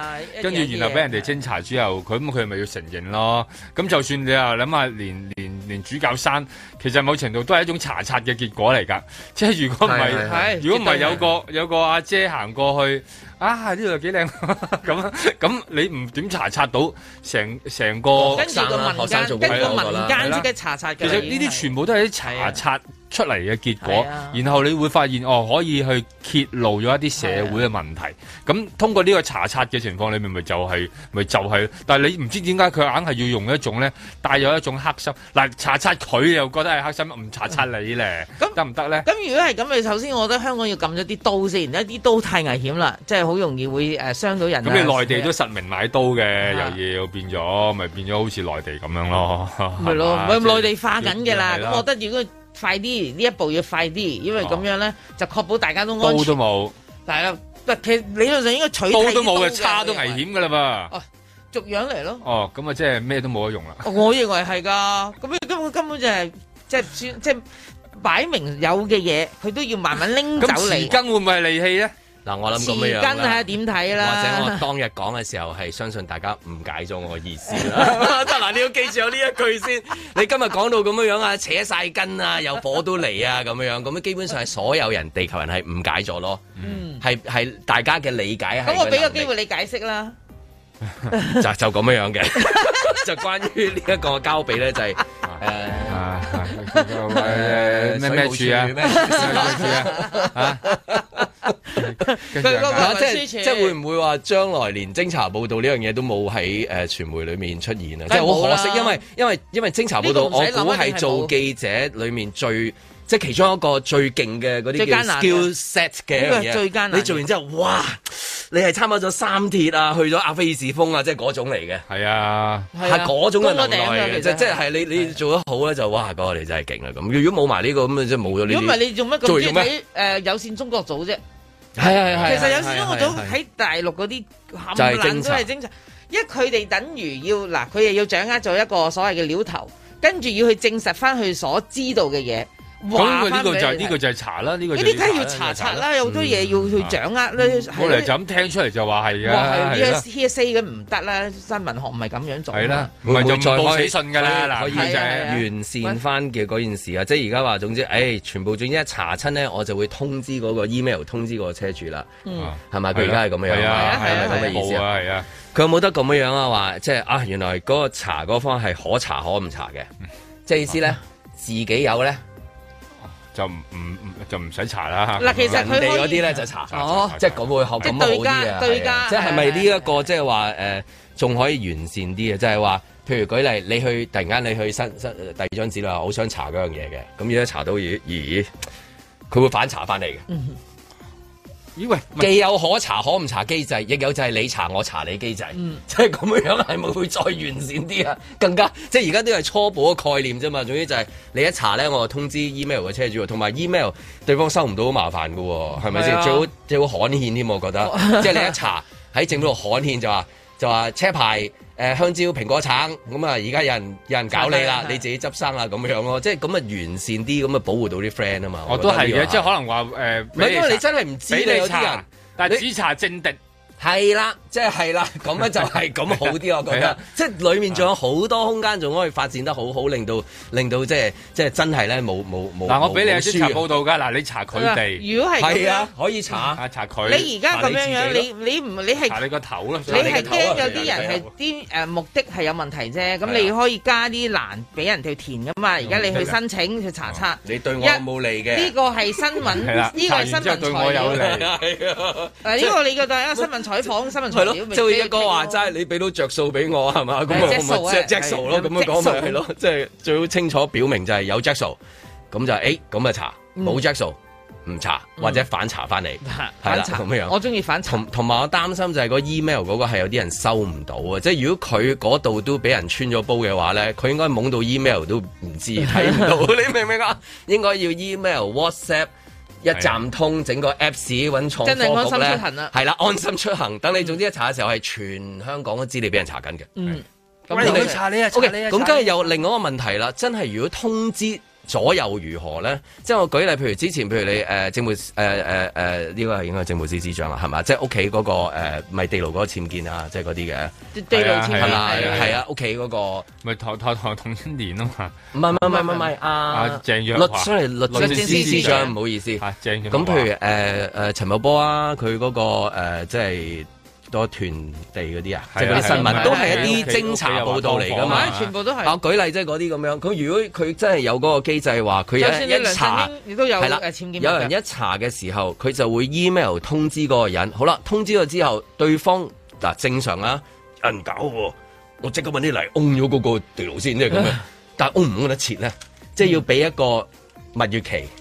跟住然後俾人哋偵查之後，佢咁佢咪要承認咯？咁就算你啊諗下，連連連主教山，其實某程度都係一種查冊嘅結果嚟㗎。即係如果唔係，如果唔係有個有個阿姐行過去，啊呢度幾靚咁咁， 你唔點查冊到成成個、哦、個間學生做個民間？民間，跟住間查冊嘅。其實呢啲全部都係啲查冊。出嚟嘅結果、啊，然後你會發現哦，可以去揭露咗一啲社會嘅問題。咁、啊、通過呢個查冊嘅情況，你明咪就係、是、咪就係、是就是。但係你唔知點解佢硬係要用一種咧，帶有一種黑心。嗱，查冊佢又覺得係黑心，唔查冊你咧，得唔得咧？咁如果係咁，你首先我覺得香港要禁咗啲刀先，一啲刀太危險啦，即係好容易會誒傷、呃、到人。咁你內地都實名買刀嘅、啊，又要變咗，咪變咗好似內地咁樣咯？係、嗯、咯，咪 內地化緊嘅啦。咁、就是、我覺得如果快啲，呢一步要快啲，因為咁樣咧、哦、就確保大家都安全。都冇，但係咧，其實理論上應該取。都都冇嘅，差都危險噶啦嘛。哦，逐樣嚟咯。哦，咁啊，即係咩都冇得用啦、哦。我認為係噶，咁樣根本根本就係即係即係擺明有嘅嘢，佢都要慢慢拎走嚟。咁 匙羹會唔會係利器咧？嗱、嗯，我諗咁樣樣啦、啊啊，或者我當日講嘅時候係相信大家誤解咗我的意思啦。得 嗱， 你要記住有呢一句先。你今日講到咁樣樣啊，扯晒根啊，又火都嚟啊，咁樣樣，咁基本上係所有人地球人係誤解咗咯。嗯，係係大家嘅理解。咁、嗯、我俾個機會你解釋啦。 就這的 就咁樣樣嘅，就關於呢一個交俾咧就係誒咩咩啊咩咩啊啊！呃啊啊 啊、即係會唔會話將來連偵查報道呢樣嘢都冇喺誒傳媒裏面出現啊？即係好可惜，因為因為因為偵查報道，這個、我估係做記者裏面最是即係其中一個最勁嘅嗰啲叫 set 嘅最的你做完之後，哇！你係參加咗三鐵啊，去咗阿菲爾士峰啊，即係嗰種嚟嘅。係啊，係嗰種嘅能耐、啊，即係你你做得好咧，就哇哥你、那個、真係勁啊！咁如果冇埋呢個咁啊，即係冇咗呢啲。如果唔係、這個、你，你做乜咁咩？誒、呃、有線中國組啫？係係係，其實有少少我早喺大陸嗰啲冚唪唥都係證實，因為佢哋等於要嗱，佢哋要掌握咗一個所謂嘅料頭，跟住要去證實翻佢所知道嘅嘢。咁佢呢個就係呢個就係查啦，呢個。你梗係要查查啦，有好多嘢要去掌握啦。冇、嗯、嚟、啊啊啊、就咁聽出嚟就話係啊！呢個 hearsay 唔得啦，新聞學唔係咁樣做。係啦，唔係就再開信㗎啦嗱，完善完善翻嘅嗰件事啊！即係而家話，總之誒、哎，全部總之一查親呢，我就會通知嗰個 email，通知嗰個車主啦。嗯是、啊是，係嘛、啊啊啊？佢而家係咁樣。係啊，係咪咁嘅意思啊？啊，係啊。佢有冇得咁樣啊？話即係啊，原來嗰個查嗰方係可查可唔查嘅，即係意思咧，自己有咧。就唔唔就唔使查啦其嚇，人哋嗰啲咧就查，即係講會後咁樣好啲啊！即係係咪呢一個即係話誒，仲可以完善啲嘅？即係話，譬如舉例，你去突然間你去新新第二張紙啦，好想查嗰樣嘢嘅，咁如果查到咦，佢會反查翻嚟嘅。 咦喂，既有可查可唔查機制，亦有就係你查我查你機制，即係咁樣樣係咪會再完善啲啊？更加即係而家都係初步嘅概念啫嘛。總之就係你一查咧，我就通知 email 嘅車主，同埋 email 對方收唔到麻煩，啊、好麻煩噶，係咪先？最好最好刊憲添，我覺得。即 係你一查喺政府度刊憲就話就話車牌。誒香蕉、蘋果橙，咁啊！而家有人有人搞你啦，你自己執生啦咁樣咯，即係咁啊，完善啲咁啊，保護到啲 friend 啊嘛，我都係嘅，即係可能話誒，唔、呃、因為你真係唔知你有啲人，但係只查政敵。係啦，即係係啦，咁咧就係咁好啲、 啊，我覺得。啊、即係裏面仲有好多空間，仲、啊、可以發展得好好，令到令到即係即係真係咧冇冇冇。嗱，我俾你先查報道噶，嗱，你查佢哋、啊。如果係咁啊，可以查。啊、查佢。你而家咁樣樣，你你唔你係查你個頭啦。你係驚有啲人係啲誒目的係有問題啫，咁、啊、你可以加啲欄俾人哋填噶嘛。而家、啊、你去申請去查，查、啊、你對我有有，有冇利嘅。呢、這個係新聞，呢個係新聞。對我有利。係 呢、啊這個你嘅第新聞。採訪新聞表，即係一個話齋，你俾到着數俾我係嘛？咁我咪著著數咯。咁樣講咪係咯，即係 最好清楚表明就係有著數，咁就誒咁啊查，冇著數唔查，或者反查翻嚟。係、嗯、啦。咁樣我中意反查同埋我擔心就係個 email 嗰個係有啲人收唔到啊！即係如果佢嗰度都俾人穿咗煲嘅話咧，佢應該懵到 email 都唔知睇唔 到，你明唔明啊？應該要 email WhatsApp。一站通整個 Apps 市揾創科局咧，係啦、啊、安心出行， 等你總之一查嘅時候係全香港嘅資料俾人查緊嘅。嗯 的，咁你去查你啊，查你，OK，咁梗係有另外一個問題啦。真係如果通知。左右如何咧？即係我舉例，譬如之前，譬如你誒、呃、政務誒誒誒，呢、呃呃這個係應該係政務司司長啦，係嘛？即係屋企嗰個誒，咪、呃、地牢嗰個僭建啊，即係嗰啲嘅。係啊係啊係啊！係啊，屋企嗰個咪唐唐唐統一年啊嘛。唔係唔係唔係唔係啊！鄭若驊律師律政司司長，唔好意思。啊，鄭若驊。咁譬如誒誒、呃呃、陳茂波啊，佢嗰、那個即係。呃多團地嗰啲、就是、啊，即係嗰啲新聞都係一啲偵查報道嚟㗎嘛，全部都係、啊。我、啊、舉例即係嗰啲咁樣，佢、就是、如果佢真係有嗰個機制話，佢有一查，係啦、啊，有人一查嘅時候，佢就會 email 通知嗰個人。好啦，通知咗之後，對方嗱、啊、正常啊，有人搞喎，我即刻揾你嚟 on 咗嗰個條線即係咁樣，但係 on 唔 on 得切咧，即、就、係、是、要俾一個蜜月期。嗯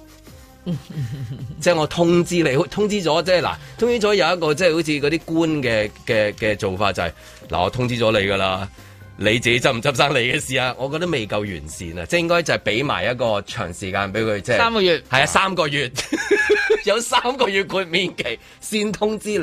即係我通知你，通知咗即係嗱，通知咗有一個即係好似嗰啲官嘅嘅嘅做法就係、是、嗱，我通知咗你噶啦，你自己執唔執生你嘅事啊？我覺得未夠完善啊，即係應該就係俾埋一個長時間俾佢即係三個月，係啊三個月， 有三個月豁免期先通知你，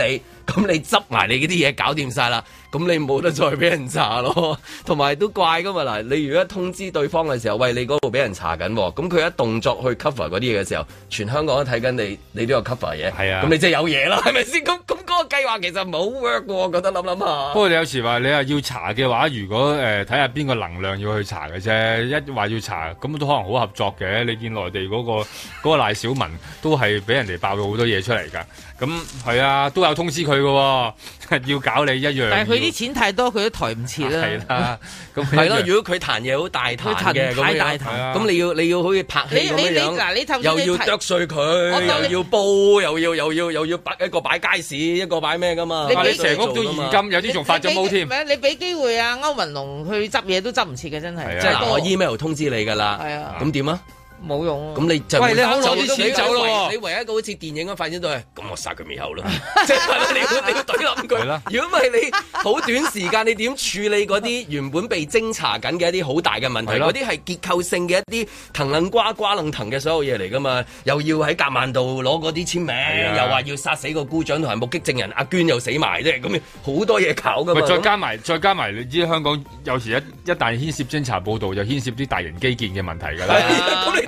咁你執埋你嗰啲嘢搞掂晒啦。咁你冇得再俾人查咯，同埋都怪噶嘛，嗱，你如果通知對方嘅時候，喂，你嗰度俾人查緊，咁佢一動作去 cover 嗰啲嘢嘅時候，全香港都睇緊你，你都有 cover 嘢，係啊，咁你即係有嘢啦，係咪先？咁咁嗰個計劃其實冇 work 喎，我覺得諗諗下。想想想不過你有時話你係要查嘅話，如果誒睇下邊個能量要去查嘅啫，一話要查咁都可能好合作嘅。你見內地嗰、嗰個嗰、嗰個、賴小民都係俾人哋爆咗好多嘢出嚟噶，咁係啊，都有通知佢嘅。 要搞你一樣，但係佢啲錢太多，佢都抬唔切 啦。係 啦，咁係咯。如果佢彈嘢好大彈嘅，太大彈，咁、啊、你要你要好似拍戲咁樣，你你你你又要剁碎佢，又要煲，又要又要又要擺一個擺街市，一個擺咩噶嘛？你成屋都現金，有啲仲發咗煲添。唔係，你俾機會阿、啊、歐文龍去執嘢都執唔切嘅，真係、啊。即係我 email 通知你噶啦。係啊，咁點啊？冇用啊！咁你就喂，你走咯，你唯一一個好似電影咁發展到係咁，我殺佢滅口咯，即 係你個你個隊冧佢啦。如果唔係你好短時間，你點處理嗰啲原本被偵查緊嘅一啲好大嘅問題？嗰啲係結構性嘅一啲藤楞瓜瓜楞藤嘅所有嘢嚟㗎嘛？又要喺夾萬度攞嗰啲簽名，又話要殺死個姑丈同埋目擊證人阿娟又死埋啫，咁好多嘢搞㗎嘛？再加埋，再加埋，你知香港有時一一旦牽涉偵查報道，就牽涉啲大型基建嘅問題㗎啦。 點啊，啊，啊！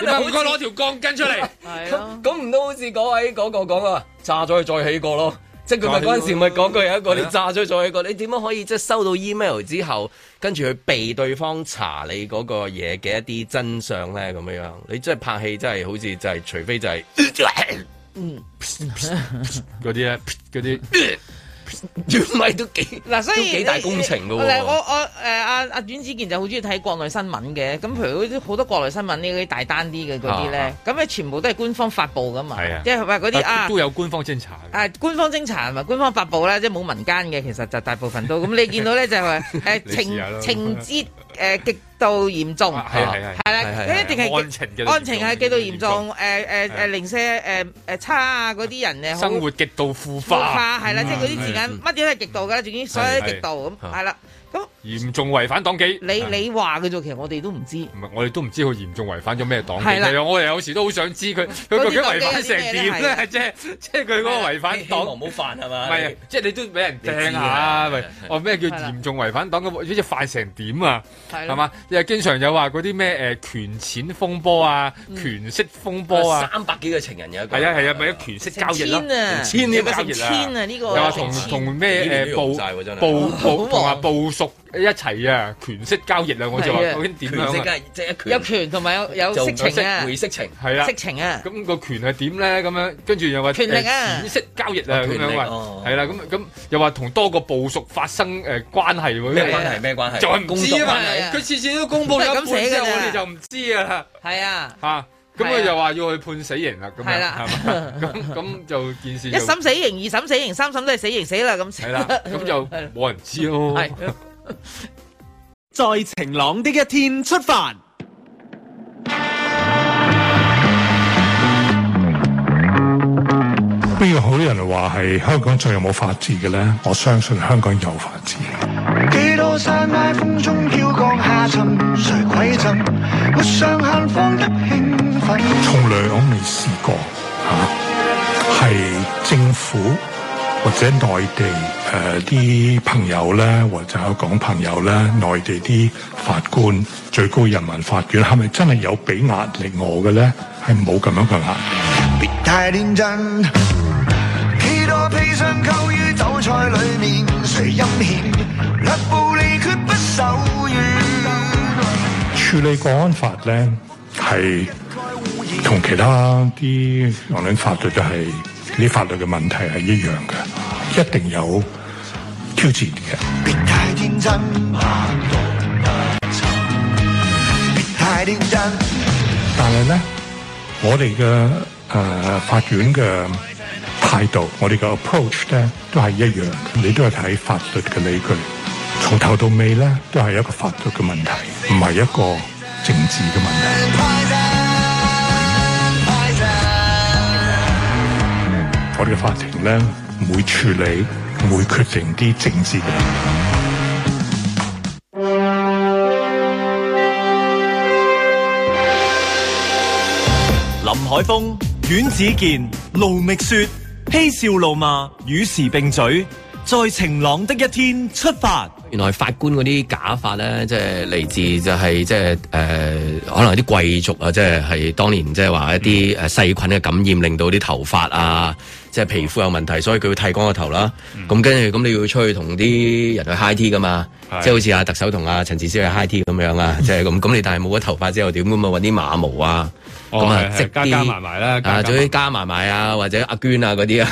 你咪好該攞條鋼筋出嚟，咁咁唔都好似嗰位嗰個講啊，炸咗佢再起過咯。即係佢咪嗰陣時咪講句有一個你炸咗再起過，你點樣可以即係收到 email 之後，跟住去避對方查你嗰個嘢嘅一啲真相咧？咁樣樣，你戲真係拍戲，真係好似就係、是，除非就係、是，嗯 些呢，嗰啲咧，啲。 唔 係都幾，嗱、啊、所以都幾大工程噶喎、哦。我我誒阿阿段子健就好中意睇國內新聞嘅，咁譬如好多國內新聞呢啲大單啲嘅嗰啲咧，咁、啊、咧、啊、全部都係官方發布噶嘛，即係唔係嗰啲啊，、就是、啊都有官方偵查。啊，官方偵查同埋官方發布咧，即係冇民間嘅，其實就大部分都。咁你見到咧就係、是、誒、 呃、情 情節。情 誒極度嚴重，係啊係啊係啦，佢一定係案情嘅案情係極度嚴重，誒誒、嗯、零舍誒、啊、差啊嗰啲人誒，生活極度腐化，化係啦，即係嗰啲時間乜嘢都係極度㗎啦，總之所有都極度咁，係啦，咁。嚴重違反黨紀，你你話佢做其實我哋都唔知。唔係，我哋都唔知佢嚴重違反咗咩黨紀啊！我哋有時都好想知佢佢究竟違反、就是、成點咧？即係即係佢嗰個違反黨，好係嘛？即係你都俾人掟啊！咩叫嚴重違反黨嘅？好似犯成點啊？係嘛？又經常有話嗰啲咩誒權錢風波啊、嗯，權色風波啊，嗯、三百幾個情人有係啊係啊，咪權色交易咯，千啊，千啲、啊、交易啊，又話同同咩誒部同話部屬。這個一齊啊，權色交易啊，我就話究竟點樣？有權同埋有有色情啊，就色回色情係啦，色情啊。咁個權係點咧？咁樣跟住又話權色交易啊，咁樣話係啦。咁咁又話同多個部屬發生誒關係，咩關係？咩關係？再唔知啊，佢次次都公布咗一半，我哋就唔知啊。係啊，吓，咁佢又話要去判死刑啦。係啦，咁咁就件事。一審死刑，二審死刑，三審都係死刑死啦。咁係啦，咁就冇人知咯。在 晴朗的一天出發。邊個好多人話係香港仲有冇法治嘅咧？我相信香港有法治。幾多山埃風中飄降，下沉誰鬼憎？沒上限，方得興奮。從來我未試過嚇，係、啊、政府。或者內地誒啲朋友咧，或者香港朋友咧，內地啲法官、最高人民法院，係咪真係有俾壓力我嘅咧？係冇咁樣強硬。別太天真。處理國安法咧，係同其他啲我諗法律就係。呢法律嘅問題係一樣嘅，一定有挑戰嘅。別太天真。但係呢，我哋嘅、呃、法院嘅態度，我哋嘅 approach 呢都係一樣嘅。你都係睇法律嘅理據，從頭到尾呢都係一個法律嘅問題，唔係一個政治嘅問題。我哋嘅法庭咧，唔會處理，唔會決定啲政治嘅問題。林海峰、阮子健、盧覓雪、嬉笑怒罵，與時並嘴，在晴朗的一天出發。原來法官嗰啲假髮咧，即係嚟自就係即係誒，可能啲貴族啊，即係係當年即係話一啲誒細菌嘅感染，令到啲頭髮啊，即、就、係、是、皮膚有問題，所以佢會剃光個頭啦。咁跟住咁你要出去同啲人去 high tea 噶嘛，即、嗯、係、就是、好似阿特首同阿陳志超去 high tea 咁樣啊，即係咁。咁 你但係冇咗頭髮之後點咁啊？揾啲馬毛啊！咁、哦、啊，即加加埋埋啦，啊，仲有加埋埋啊，或者阿娟啊嗰啲啊，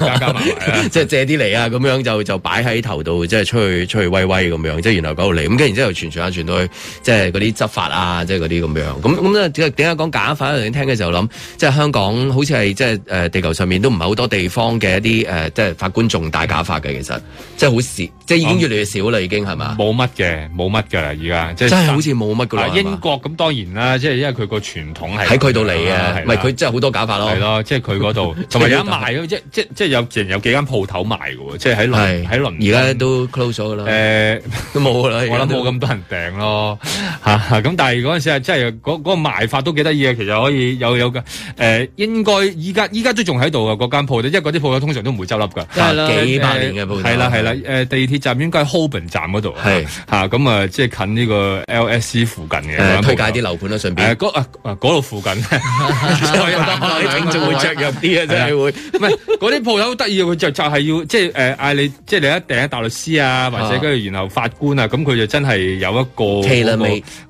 加加埋，即借啲嚟啊，咁 樣上了 就、啊嗯、就擺喺頭度，即係出去出去威威咁樣，即係原來嗰度嚟，咁跟住然之後傳傳下傳到去，即係嗰啲執法啊，即係嗰啲咁樣，咁咁咧點解講假法？你聽嘅時候諗，即係、就是、香港好似係即係誒地球上面都唔係好多地方嘅一啲誒，即、就、係、是、法官重大假法嘅，其實即係、就是、好蝕。即係已經越嚟越少啦，已經係嘛？冇乜嘅，冇乜嘅而家，即係真係好似冇乜噶啦。英國咁當然啦，即係因為佢個傳統係喺佢度嚟嘅，唔係佢真係好多假髮咯。係咯，即係佢嗰度同埋有賣 即即係即係有有幾間鋪頭賣嘅喎，即係喺喺倫敦。而家都 close 咗啦、欸。都冇啦。我諗冇咁多人訂咯咁， 但係嗰陣時啊，即係嗰、嗰個嗰個賣法都幾得意嘅。其實可以有有，有、呃、應該依家依家都仲喺度嘅嗰間鋪，因為嗰啲鋪通常都唔會執笠㗎。係、啊、幾百年嘅鋪、欸。係啦係啦，地鐵應該站應該喺 Ho b i n 站嗰度，係吓咁啊，即係近呢個 L S C 附近嘅推介啲樓盤啦，順便嗰啊度附近，你整就會着入啲啊，真係會唔係？嗰啲鋪頭好得意，佢、啊、就就係、係要即係誒，嗌、啊、你即係你一定係大律師啊，或者跟住、啊、然後法官啊，咁佢就真係有一個嗰、啊嗰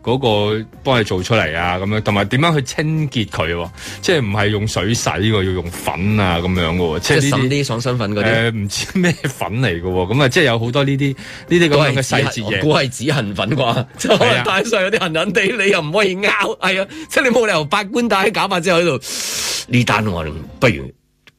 個嗰個幫你做出嚟啊，咁樣同埋點樣去清潔佢，即係唔係用水洗，要用粉啊咁樣噶，即係啲爽身粉嗰啲，唔、啊、知咩粉嚟噶，咁啊即係有好。呢啲呢啲咁嘅細節嘢，估係只痕粉啩，即係可能戴上有啲痕痕哋，你又唔可以拗，係啊，即係你冇理由法官戴喺搞法之後喺度呢單案不如。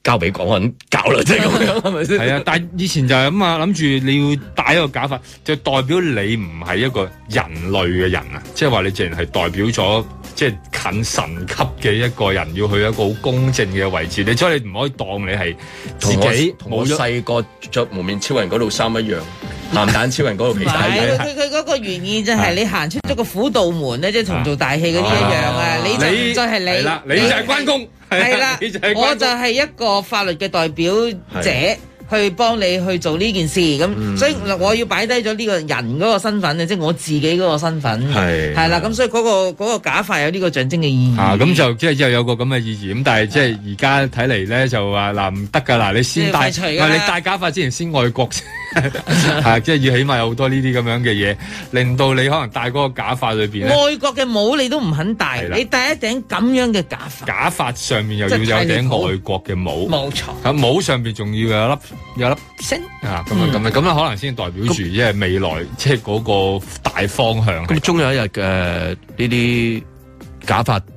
交俾港人搞啦，即係咁樣，係咪先？係啊，但係以前就係咁啊，諗住你要戴一個假髮，就代表你唔係一個人類嘅人啊，即係話你淨係代表咗，即係近神級嘅一個人，要去一個好公正嘅位置，你所以你唔可以當你係自己。冇細個着幪面超人嗰套衫一樣。鹹蛋超人嗰個其實係佢，佢嗰個原意就係你行出咗個虎度門，咧，即 係同做大戲嗰啲一樣啊！你就就係你，你就係關公，係啦，我就係一個法律嘅代表者去幫你去做呢件事咁，所以我要擺低咗呢個人嗰個身份即係、就是、我自己嗰個身份係係啦，咁所以嗰、那個、那個假髮有呢個象徵嘅意義咁、啊、就即係之後有個咁嘅意義咁，但係即係而家睇嚟咧就話嗱唔得噶嗱，你先戴，是是啊、你戴假髮之前先愛國。 係， 即係要起碼有好多呢啲咁樣嘅嘢，令到你可能戴嗰個假髮裏邊，外國嘅帽你都唔肯戴，你戴一頂咁樣嘅假髮，假髮上面又要有頂外國嘅帽，冇、就、錯、是，啊帽上面仲要有一粒有一粒星啊，咁、嗯、樣咁樣咁樣可能先代表住，即係未來即係嗰個大方向。咁終有一日嘅呢啲假髮。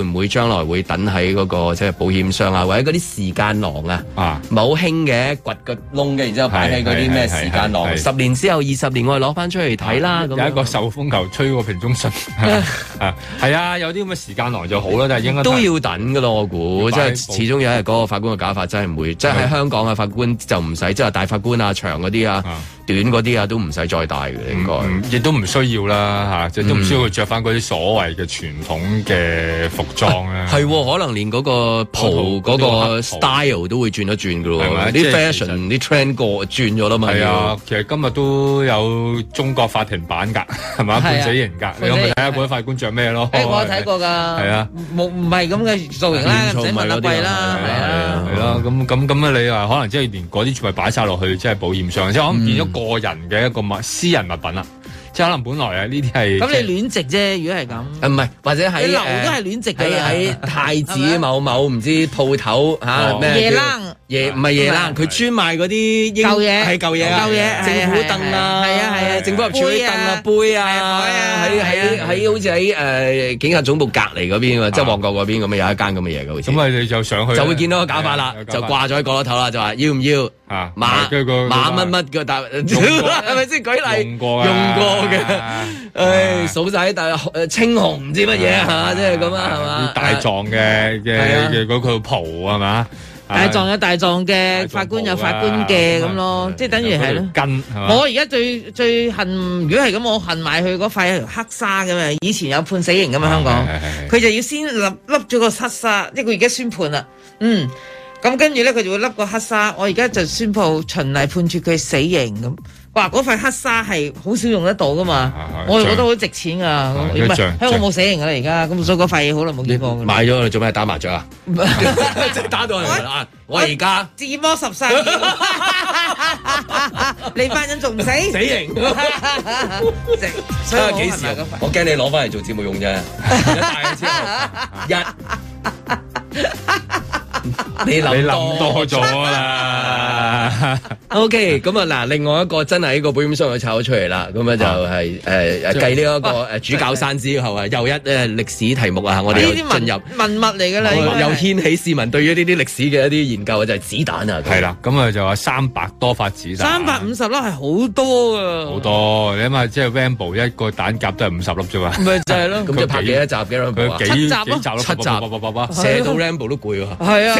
會唔會將來會等喺嗰、那個即係、就是、保險箱啊，或者嗰啲時間囊啊，唔係好興嘅，掘個窿嘅，然之後擺喺嗰啲咩時間囊。十年之後、二十年我哋攞翻出嚟睇啦。有一個受風球吹過瓶中信係係啊，有啲咁嘅時間囊就好啦，但 應該都,都要等噶咯。我估即係始終有一日嗰個法官嘅假法真係唔會，即係喺香港嘅法官就唔使即係大法官啊、長嗰啲啊。啊短嗰啲啊，都唔使再戴嘅，應該亦、嗯、都唔需要啦，吓、嗯，即都唔需要着翻嗰啲所謂嘅傳統嘅服裝啊。係、啊、喎、哦，可能連嗰個袍嗰個 style 都會轉一轉嘅喎，係咪？啲 fashion 啲 trend 過轉咗啦嘛。係啊，其實今日都有中國法庭版㗎，係嘛判死刑㗎、啊，你可唔可以睇下嗰啲法官着咩咯？誒、啊啊啊啊，我睇過㗎，係啊，冇唔係咁嘅造型啦，唔使問啦，係啦，係啦，咁咁咁啊，啊啊啊啊啊啊啊啊啊你啊，可能即係連嗰啲全部擺曬落去，即係保險上，即係我唔見咗個人嘅一個物私人物品啦，即係可能本來啊呢啲係咁你亂植啫，如果係咁，唔、啊、係或者你留都係亂植嘅，喺、呃、太子某某唔知鋪頭吓咩夜冷。 啊嘢唔係嘢啦，佢專賣嗰啲舊嘢，舊嘢政府凳啊係啊係啊，是是是是是是是是政府入處嘅凳啊杯啊，杯啊是是是是是，喺喺喺好似喺誒警察總部隔離嗰邊，邊啊邊，即係旺角嗰邊咁有一間咁嘅嘢嘅，好似咁你就上去就會見到個假髮啦，啊、就掛咗喺角落頭啦，啊、就話、啊、要唔要啊馬啊馬乜乜嘅大，係咪先舉例用過嘅，用過嘅，唉數晒大清紅唔知乜嘢即係咁啊係嘛，大狀嘅嘅個蒲係嘛。大狀有大狀嘅、啊，法官有法官嘅咁咯，即、啊、係、就是、等於係咯。我而家最最恨，如果係咁，我恨埋佢嗰塊黑沙噶嘛。以前有判死刑咁嘛、啊、香港，佢就要先笠笠咗個黑沙，即佢而家宣判啦。嗯，咁跟住咧，佢就會笠個黑沙。我而家就宣布循例判處佢死刑咁。嗯哇！嗰塊黑沙係好少用得到噶嘛，我仲覺得好值錢我沒啊！唔係香港冇死刑噶啦而家，咁所以嗰塊嘢好耐冇見過。買咗你做咩打麻雀啊？打到嚟啦！我而家自摸十世，你班人仲唔死？死刑！即係幾時啊？我驚 你攞翻嚟做節目用啫。一。 啊啊啊日 你諗多咗啦。OK，咁啊嗱，另外一個真係喺個保險箱度炒咗出嚟啦。咁啊就係誒計呢一個誒主教山之後啊，又一誒歷、呃、史題目啊？我哋進入文、文物嚟噶啦，又掀起市民對於呢啲歷史嘅一啲研究就係、是、子彈啊。係啦，咁啊就話三百多發子彈，三百五十粒係好多、多啊，好多你諗下，即係 Rambo 一個彈夾都係五十粒啫嘛。咪 就係咯是，咁就拍幾多集嘅啦，集七集，七集，寫到 Rambo 都攰係啊。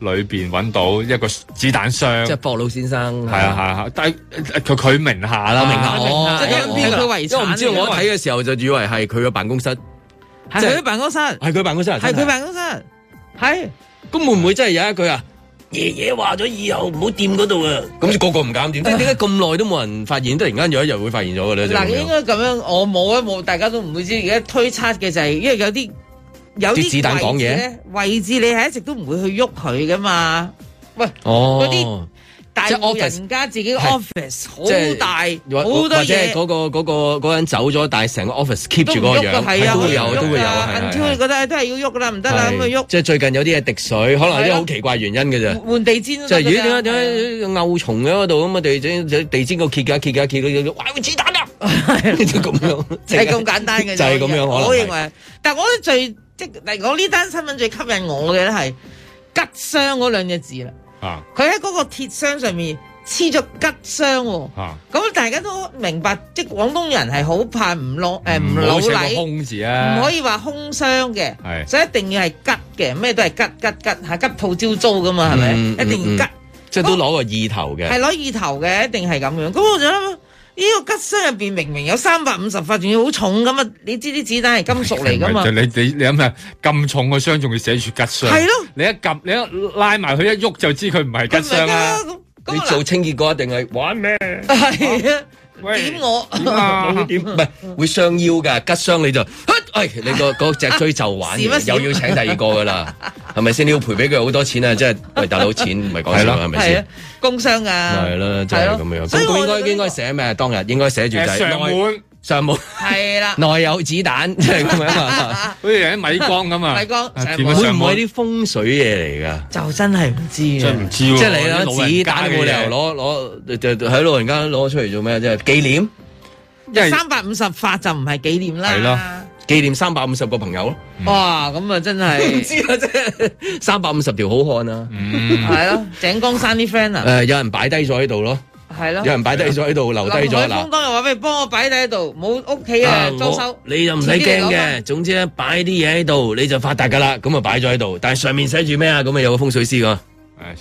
裏邊揾到一個子彈箱，即係博老先生。係啊係啊，啊，但係佢佢名下啦，名下，哦、即係邊個位為，因為唔知道他我睇嘅時候就以為係佢嘅辦公室，係佢，就是，辦公室，係佢辦公室，係佢辦，啊、辦公室，係。咁會唔會真係有一句啊？爺爺話咗以後唔好掂嗰度啊！咁，那個個唔敢掂，但係點解咁耐都冇人發現？都突然間有一日會發現咗嘅咧？嗱，應該咁樣，我冇啊，冇大家都唔會知。而家推測嘅就係，是，因為有啲。有啲子彈講嘢咧，位置你係一直都唔會去喐佢噶嘛？喂，哦，嗰啲大戶人家自己 office 好大，好多嘢。嗰、嗰個嗰、嗰個人走咗，但係成個 office keep 住、嗰個樣，係都會有，都會有。近跳你覺得都係要喐噶啦，唔得啦，咁、啊啊啊啊、去喐。即係最近有啲係滴水，可能啲好奇怪原因嘅咋。換、啊、地氈、就是，即係如果點解點解漚蟲喺嗰度咁啊？地氈地氈個揭噶揭噶揭嗰啲，子彈啊！就咁、啊啊啊啊啊啊 啊、樣，係咁簡單嘅，就係咁樣。我認為，但係我最。即係嚟我呢單新聞最吸引我嘅咧係吉箱嗰兩隻字啦，佢喺嗰個鐵箱上面黐咗吉箱喎，咁、啊、大家都明白，即係廣東人係好怕唔攞誒唔老禮，嗯呃、老空字啊唔可以話空箱嘅，所以一定要係吉嘅，咩都係吉吉吉，係吉鋪招租噶嘛，係、嗯、咪？一定要吉、嗯嗯嗯，即係都攞個意頭嘅，係攞意頭嘅，一定係咁樣。咁我就。呢個吉箱入邊明明有三百五十發，仲要好重咁啊！你知啲子彈係金屬嚟噶嘛？就你你你諗下咁重個箱，仲要寫住吉箱，係咯？你一撳，你一拉埋佢一喐，就知佢唔係吉箱啦。你做清潔哥定係玩咩？係啊，點我啊？點唔係會傷腰噶吉箱，你就。哎、你個嗰隻追就玩，啊、又要請第二個噶啦，係咪先？你要賠俾佢好多錢， 多錢啊！即係喂大佬，錢唔係講笑，係咪先？工傷啊！係啦，就係、是、咁樣。咁以應該、這個、應該寫咩？當日應該寫住就係。上門上門係啦，內 有子彈，即係咁樣啊！好似人喺米缸咁啊！米缸會唔會啲風水嘢嚟噶？就真係唔知，真唔知啊！即係唔知，即係攞子彈冇理由，攞攞喺老人家攞出嚟做咩？即係紀念？三百五十發就唔係紀念啦。紀念三百五十個朋友咯、嗯！哇，咁啊真係，唔 知啊，真係！三百五十條好漢啊，係、嗯、咯， 井江山啲 friend 啊，誒、呃，有人擺低咗喺度咯，係咯，有人擺低咗喺度，留低咗嗱。我啱啱又話俾你，幫我擺低喺度，冇屋企啊裝修。你就唔使驚嘅，總之咧擺啲嘢喺度，你就發達噶啦。咁啊擺咗喺度，但係上面寫住咩啊？咁啊有個風水師噶，哎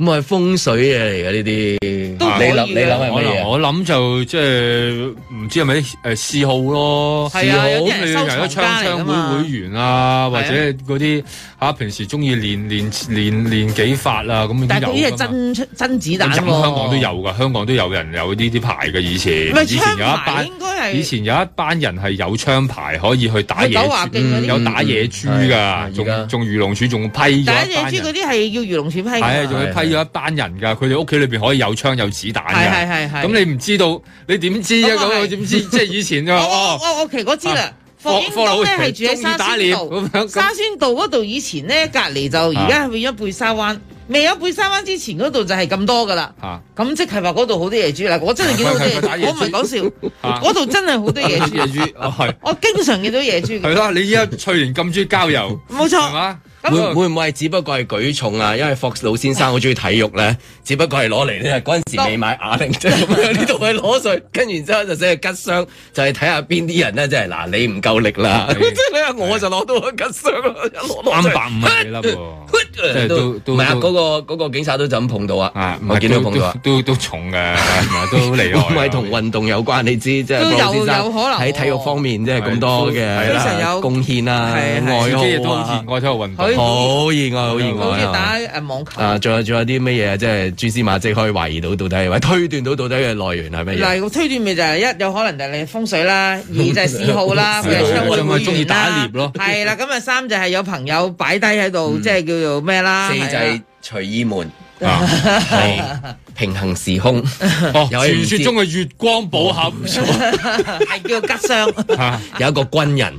咁係風水嘢嚟嘅呢啲，你諗你諗係乜嘢？我諗就即係唔知係咪啲誒嗜好咯。嗜、呃、好，好啊、好有你係咗槍槍會會員啊，啊或者嗰啲。 啊、平時中意練練練練幾發啦，啊，咁但係嗰啲係真真子彈喎。香港都有㗎，香港都有人有呢啲牌㗎以前。咩槍牌？應該係以前有一班人係有槍牌可以去打野有、嗯，有打野豬㗎，仲、嗯、仲魚龍處仲批打野豬嗰啲係要魚龍處批。仲要批咗一班人㗎，佢哋屋企裏邊可以有槍有子彈。係。咁你唔知道，你點知啊？咁你點知？即係以前我我我知啦。霍英東咧，係住喺沙宣道，樣沙宣道嗰度以前咧，隔籬就而家係變咗貝沙灣，啊。未有貝沙灣之前，嗰度就係咁多噶啦。吓，咁即係話嗰度好多野豬。啦，我真係見到好多野我唔係講笑，嗰、啊、度真係好多野豬。野、啊、豬，我經常見到野豬。係 啦，你依家翠蓮咁中意郊遊，冇錯，係會會唔會係只不過係舉重啊？因為霍老先生好中意體育咧，只不過係攞嚟咧，嗰陣時未買啞鈴，呢度係攞稅，跟住之後就即係吉傷，就係睇下邊啲人咧，即係嗱你唔夠力啦，即係你我就攞到個吉傷啦，三百唔係㗎喎。 即係都唔係啊！嗰、嗰個、嗰個警察，都就咁碰到啊，唔係見到碰到啊，都都，都重嘅， 都嚟，唔係同運動有關， 你知即係都，都，都有可能喺體育方面即係咁多嘅，經常有貢獻啦，愛好啊，愛好運動，好意外，好意外好似打誒網球啊，仲有仲有啲乜嘢即係蛛絲馬跡可以懷疑到到底係咪推斷到到底嘅來源係乜嘢？嗱、嗯，推斷咪就係一有可能就係你風水啦，水二就係嗜好啦，咪鍾意打獵囉，係啦，咁啊三就係有朋友擺低喺度，即係叫做咩啦？四仔隨意門啊，係、啊、平行時空哦。傳說中嘅月光寶盒，係、哦、 叫吉相。 有一個軍人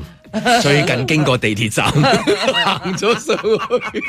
最近經過地鐵站， 行咗上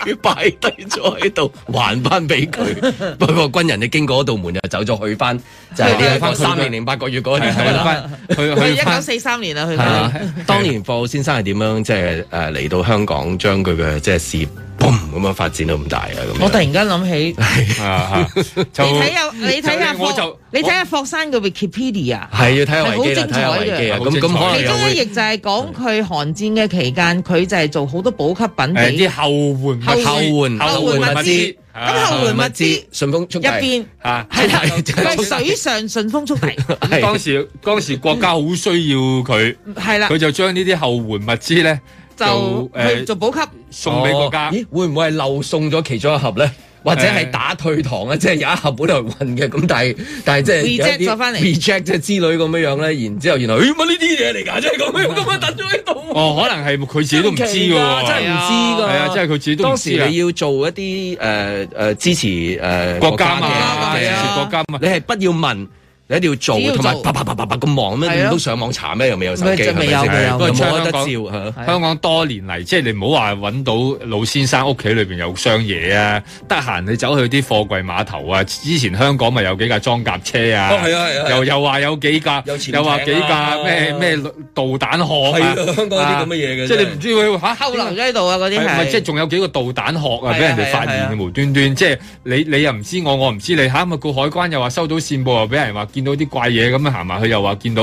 去，擺低咗喺度，還翻俾佢。不 過軍人你經過嗰道門就走咗去翻，就係呢個三年零八個月嗰年 去翻回， 去一九四三年啦。佢、啊啊啊啊、當年霍先生係點樣即係誒嚟到香港將他的，將佢嘅即係事業？咁樣發展到咁大啊！咁我突然間諗起， 你睇下，你睇下，就你睇下霍，霍山嘅 Wikipedia，係要睇維基啦，睇下維基。咁咁，其中咧亦就係講佢韓戰嘅期間佢就係做好多補給品，誒啲後援後援後援物資咁後，後，後援物資順、啊、風出題，入邊嚇係啦，係、啊、水上順豐速遞。啊、 當時當時國家好需要佢，係、嗯、啦，佢就將呢啲後援物資咧。就，就、呃、做補給送俾國家、哦，咦？會唔會係漏送咗其中一盒咧？或者係打退堂啊？即 係有一盒本來運嘅，咁但係 但係即係 check 收翻嚟，check 即係之類咁樣樣咧。然之後原來誒，乜呢啲嘢嚟噶？即係咁樣咁 樣等咗喺度。哦， 可能係佢自己都唔知真係唔知噶。係啊，即係佢自己都。當時你要做一啲誒誒支持誒、呃、國家嘅、啊啊，支持國家嘛？你係不要問。你一定要做，同埋啪啪啪啪啪咁忙咩？都、啊、上網查咩？又未有手機，未有，未有,有得照香。香港多年嚟、啊，即係你唔好話揾到老先生屋企裏邊有箱嘢啊！得閒你走去啲貨櫃碼頭啊！之前香港咪有幾架裝甲車啊？又又話有幾架，又話幾架咩咩導彈殼。香港啲咁嘅嘢嘅，即係你唔知佢嚇後樓梯度啊嗰啲，即係仲有幾個,有、啊幾個啊、導彈殼啊？俾人哋發現無端端，即係你你又唔知我，我唔知你嚇咪過海關又話收到線報，又俾人話。見到啲怪嘢咁樣行埋去，又話見到，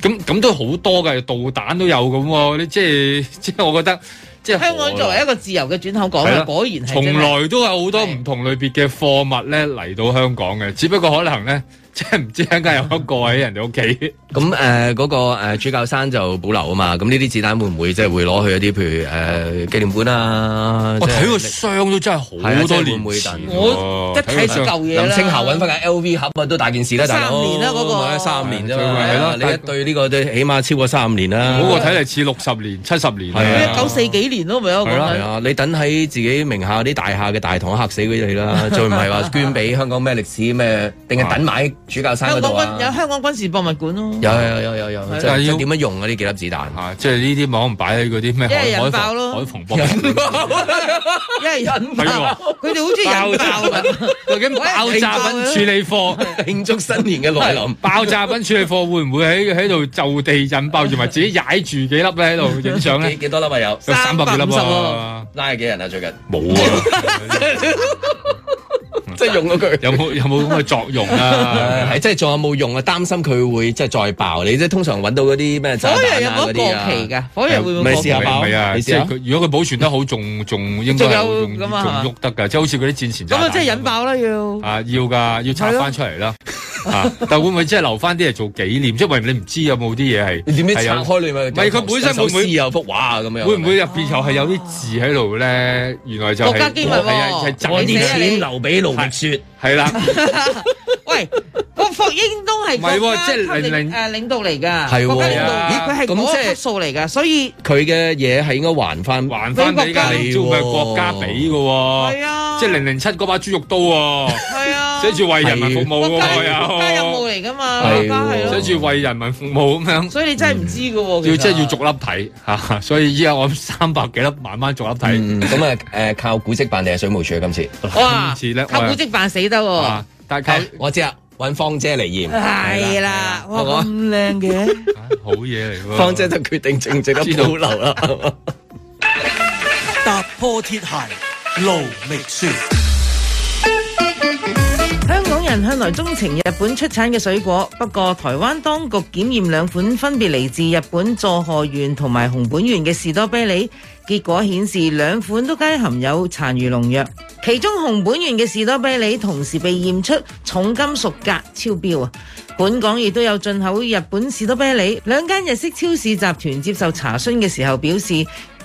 咁咁都好多嘅導彈都有咁喎，即係即係我覺得即係香港作為一個自由嘅轉口港，果然係。從來都有好多唔同類別嘅貨物咧嚟到香港嘅，只不過可能咧。即係唔知點解有一個喺人哋屋企。咁 誒， 嗰、呃那個誒、呃、主教山就保留啊嘛。咁呢啲子彈會唔會即係會攞去一啲譬如誒紀、呃、念館啊？我、哦、睇個箱都真係好多年、啊，啊就是、會唔會等？我、哦、一睇上嚿嘢啦。林清豪搵翻個 LV 盒啊、哦，都大件事啦、啊。三年啦、啊，嗰、那個三年啫、啊啊、你一對呢個起碼超過三年啦、啊。我個睇嚟似六十年、七十年、啊。一、啊啊、九四幾年咯、啊，咪有講。係啦、啊，你等喺自己名下啲大廈嘅大堂吓死佢哋啦。再唔係話捐俾香港咩歷史咩，定係等埋？主教山、啊、有香港軍事博物館咯、啊，有有有有有，即係點樣用啊？啲幾粒子彈嚇，即係呢啲可能擺喺嗰啲咩海防海防爆炸，爆 因為引爆，佢哋好中意引爆啊！爆炸品處理課慶祝新年嘅來臨，爆炸品處理課會唔會喺喺度就地引爆，同 埋自己踩住幾粒咧喺度影相咧？幾多粒啊？有三百幾粒喎、啊啊，拉幾人啊？最近冇啊！ 即係用咗佢， 有冇有冇咁嘅作用啊？係，即係仲有冇用啊？擔心佢會即係再爆，你、啊有有會會爆？你即係通常揾到嗰啲咩炸彈有嗰啲過期噶，可能會唔會試下爆？唔係啊，即係如果佢保存得好，仲仲應該仲有嘛？仲喐得噶，即係好似嗰啲戰前炸彈咁，即係引爆啦要啊，要噶，要拆翻出嚟啦、 啊。但會唔會即係留翻啲嚟做紀念？即係因為你唔知有冇啲嘢係點開，你唔係佢本身會唔會有幅畫咁樣，會唔會入邊又係有啲字喺度咧？原來就係、是、國家機密留俾說係啦，喂，霍英東都係唔係，即係零零，誒領導嚟噶，係咦佢係咁，國家數嚟噶，所以佢嘅嘢係應該還翻還翻俾國家，唔係、哦、國家俾噶，係啊，即係零零七把豬肉刀，啊，係啊。 寫住為人民服務的，國家任務嚟噶嘛？係咯。寫住為人民服務咁樣子。所以你真係唔知噶、嗯。要真係要逐粒睇吓，所以依家我三百幾粒慢慢逐粒睇。咁、嗯、啊，誒，靠古跡辦定係水務署啊？今次。哇、啊！今次咧、啊，靠古跡辦死得了、啊，但係我知呀搵芳姐嚟驗。係啦。係嘛？咁靚嘅。好嘢嚟喎。芳姐就決定靜靜咁保留啦。踏破鐵鞋路未熟。向來鍾情日本出產嘅水果，不過台灣當局檢驗兩款分別嚟自日本佐賀縣同埋熊本縣嘅士多啤梨，結果顯示兩款都皆含有殘餘農藥，其中熊本縣嘅士多啤梨同時被驗出重金屬鎘超標啊！本港亦都有進口日本士多啤梨，兩間日式超市集團接受查詢嘅時候表示，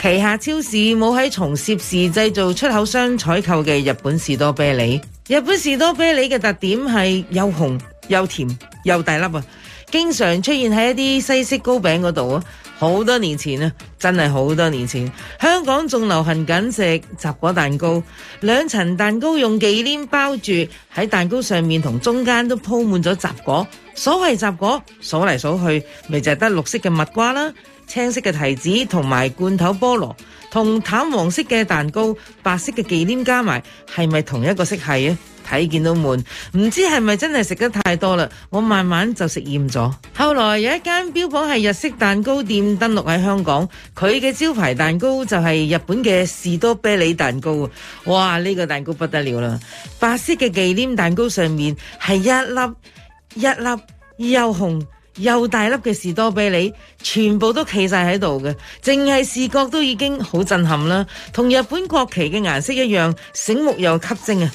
旗下超市冇喺從涉事製造出口商採購嘅日本士多啤梨。日本士多啤梨嘅特點係，又紅又甜又大粒啊，經常出現喺一啲西式糕餅嗰度啊。好多年前啊，真係好多年前，香港仲流行緊食雜果蛋糕，兩層蛋糕用忌廉包住，喺蛋糕上面同中間都鋪滿咗雜果。所謂雜果，數嚟數去，咪就係得綠色嘅蜜瓜啦，青色嘅提子同埋罐頭菠蘿，同淡黃色嘅蛋糕、白色嘅忌廉加埋，係咪同一個色系啊？睇見都悶，唔知係咪真係食得太多啦？我慢慢就食厭咗。後來有一間標榜係日式蛋糕店登陸喺香港，佢嘅招牌蛋糕就係日本嘅士多啤梨蛋糕。哇，呢個蛋糕不得了啦！白色嘅忌廉蛋糕上面係一粒一粒又紅又大粒嘅士多啤梨，全部都企晒喺度嘅，淨係視覺都已經好震撼啦！同日本國旗嘅顏色一樣醒目又吸睛啊！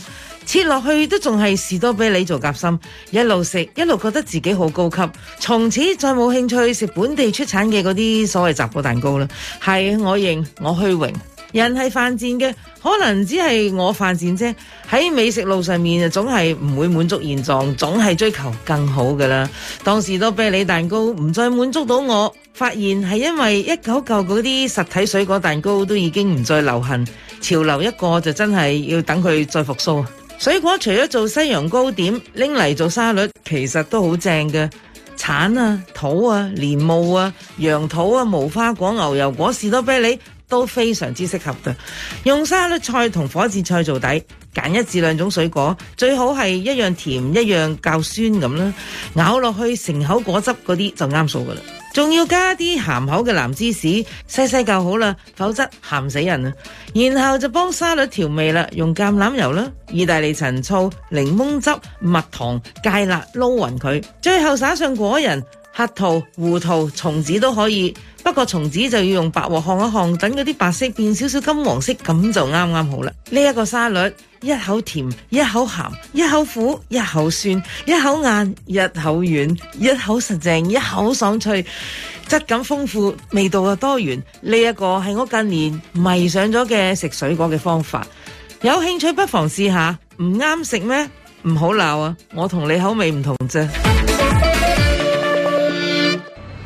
切落去都仲係士多啤梨做夾心，一路食一路覺得自己好高級，從此再冇興趣食本地出產嘅嗰啲所謂雜果蛋糕啦。係我認我虛榮，人係犯賤嘅，可能只係我犯賤啫。喺美食路上面總係唔會滿足現狀，總係追求更好㗎啦。當士多啤梨蛋糕唔再滿足到我，發現係因為一九九嗰啲實體水果蛋糕都已經唔再流行，潮流一個就真係要等佢再復甦。水果除咗做西洋糕點，拎嚟做沙律，其實都好正嘅。橙啊、桃啊、蓮霧啊、楊桃啊、無花果、牛油果、士多啤梨都非常之適合㗎。用沙律菜同火箭菜做底，揀一至兩種水果，最好係一樣甜一樣較酸咁啦，咬落去成口果汁嗰啲就啱數噶啦。仲要加啲咸口嘅藍芝士，細細夠好啦，否則咸死人啊！然後就幫沙律調味啦，用橄欖油啦，意大利陳醋、檸檬汁、蜜糖、芥辣撈匀佢，最後灑上果仁。核桃、胡桃、松子都可以，不過松子就要用白鑊烘一烘，等嗰啲白色變少少金黃色，咁就啱啱好啦。呢一個沙律，一口甜，一口鹹，一口苦，一口酸，一口硬，一口軟，一口實淨，一口爽脆，質感豐富，味道又多元。呢一個係我近年迷上咗嘅食水果嘅方法，有興趣不妨試下。唔啱食咩？唔好鬧啊，我同你口味唔同啫。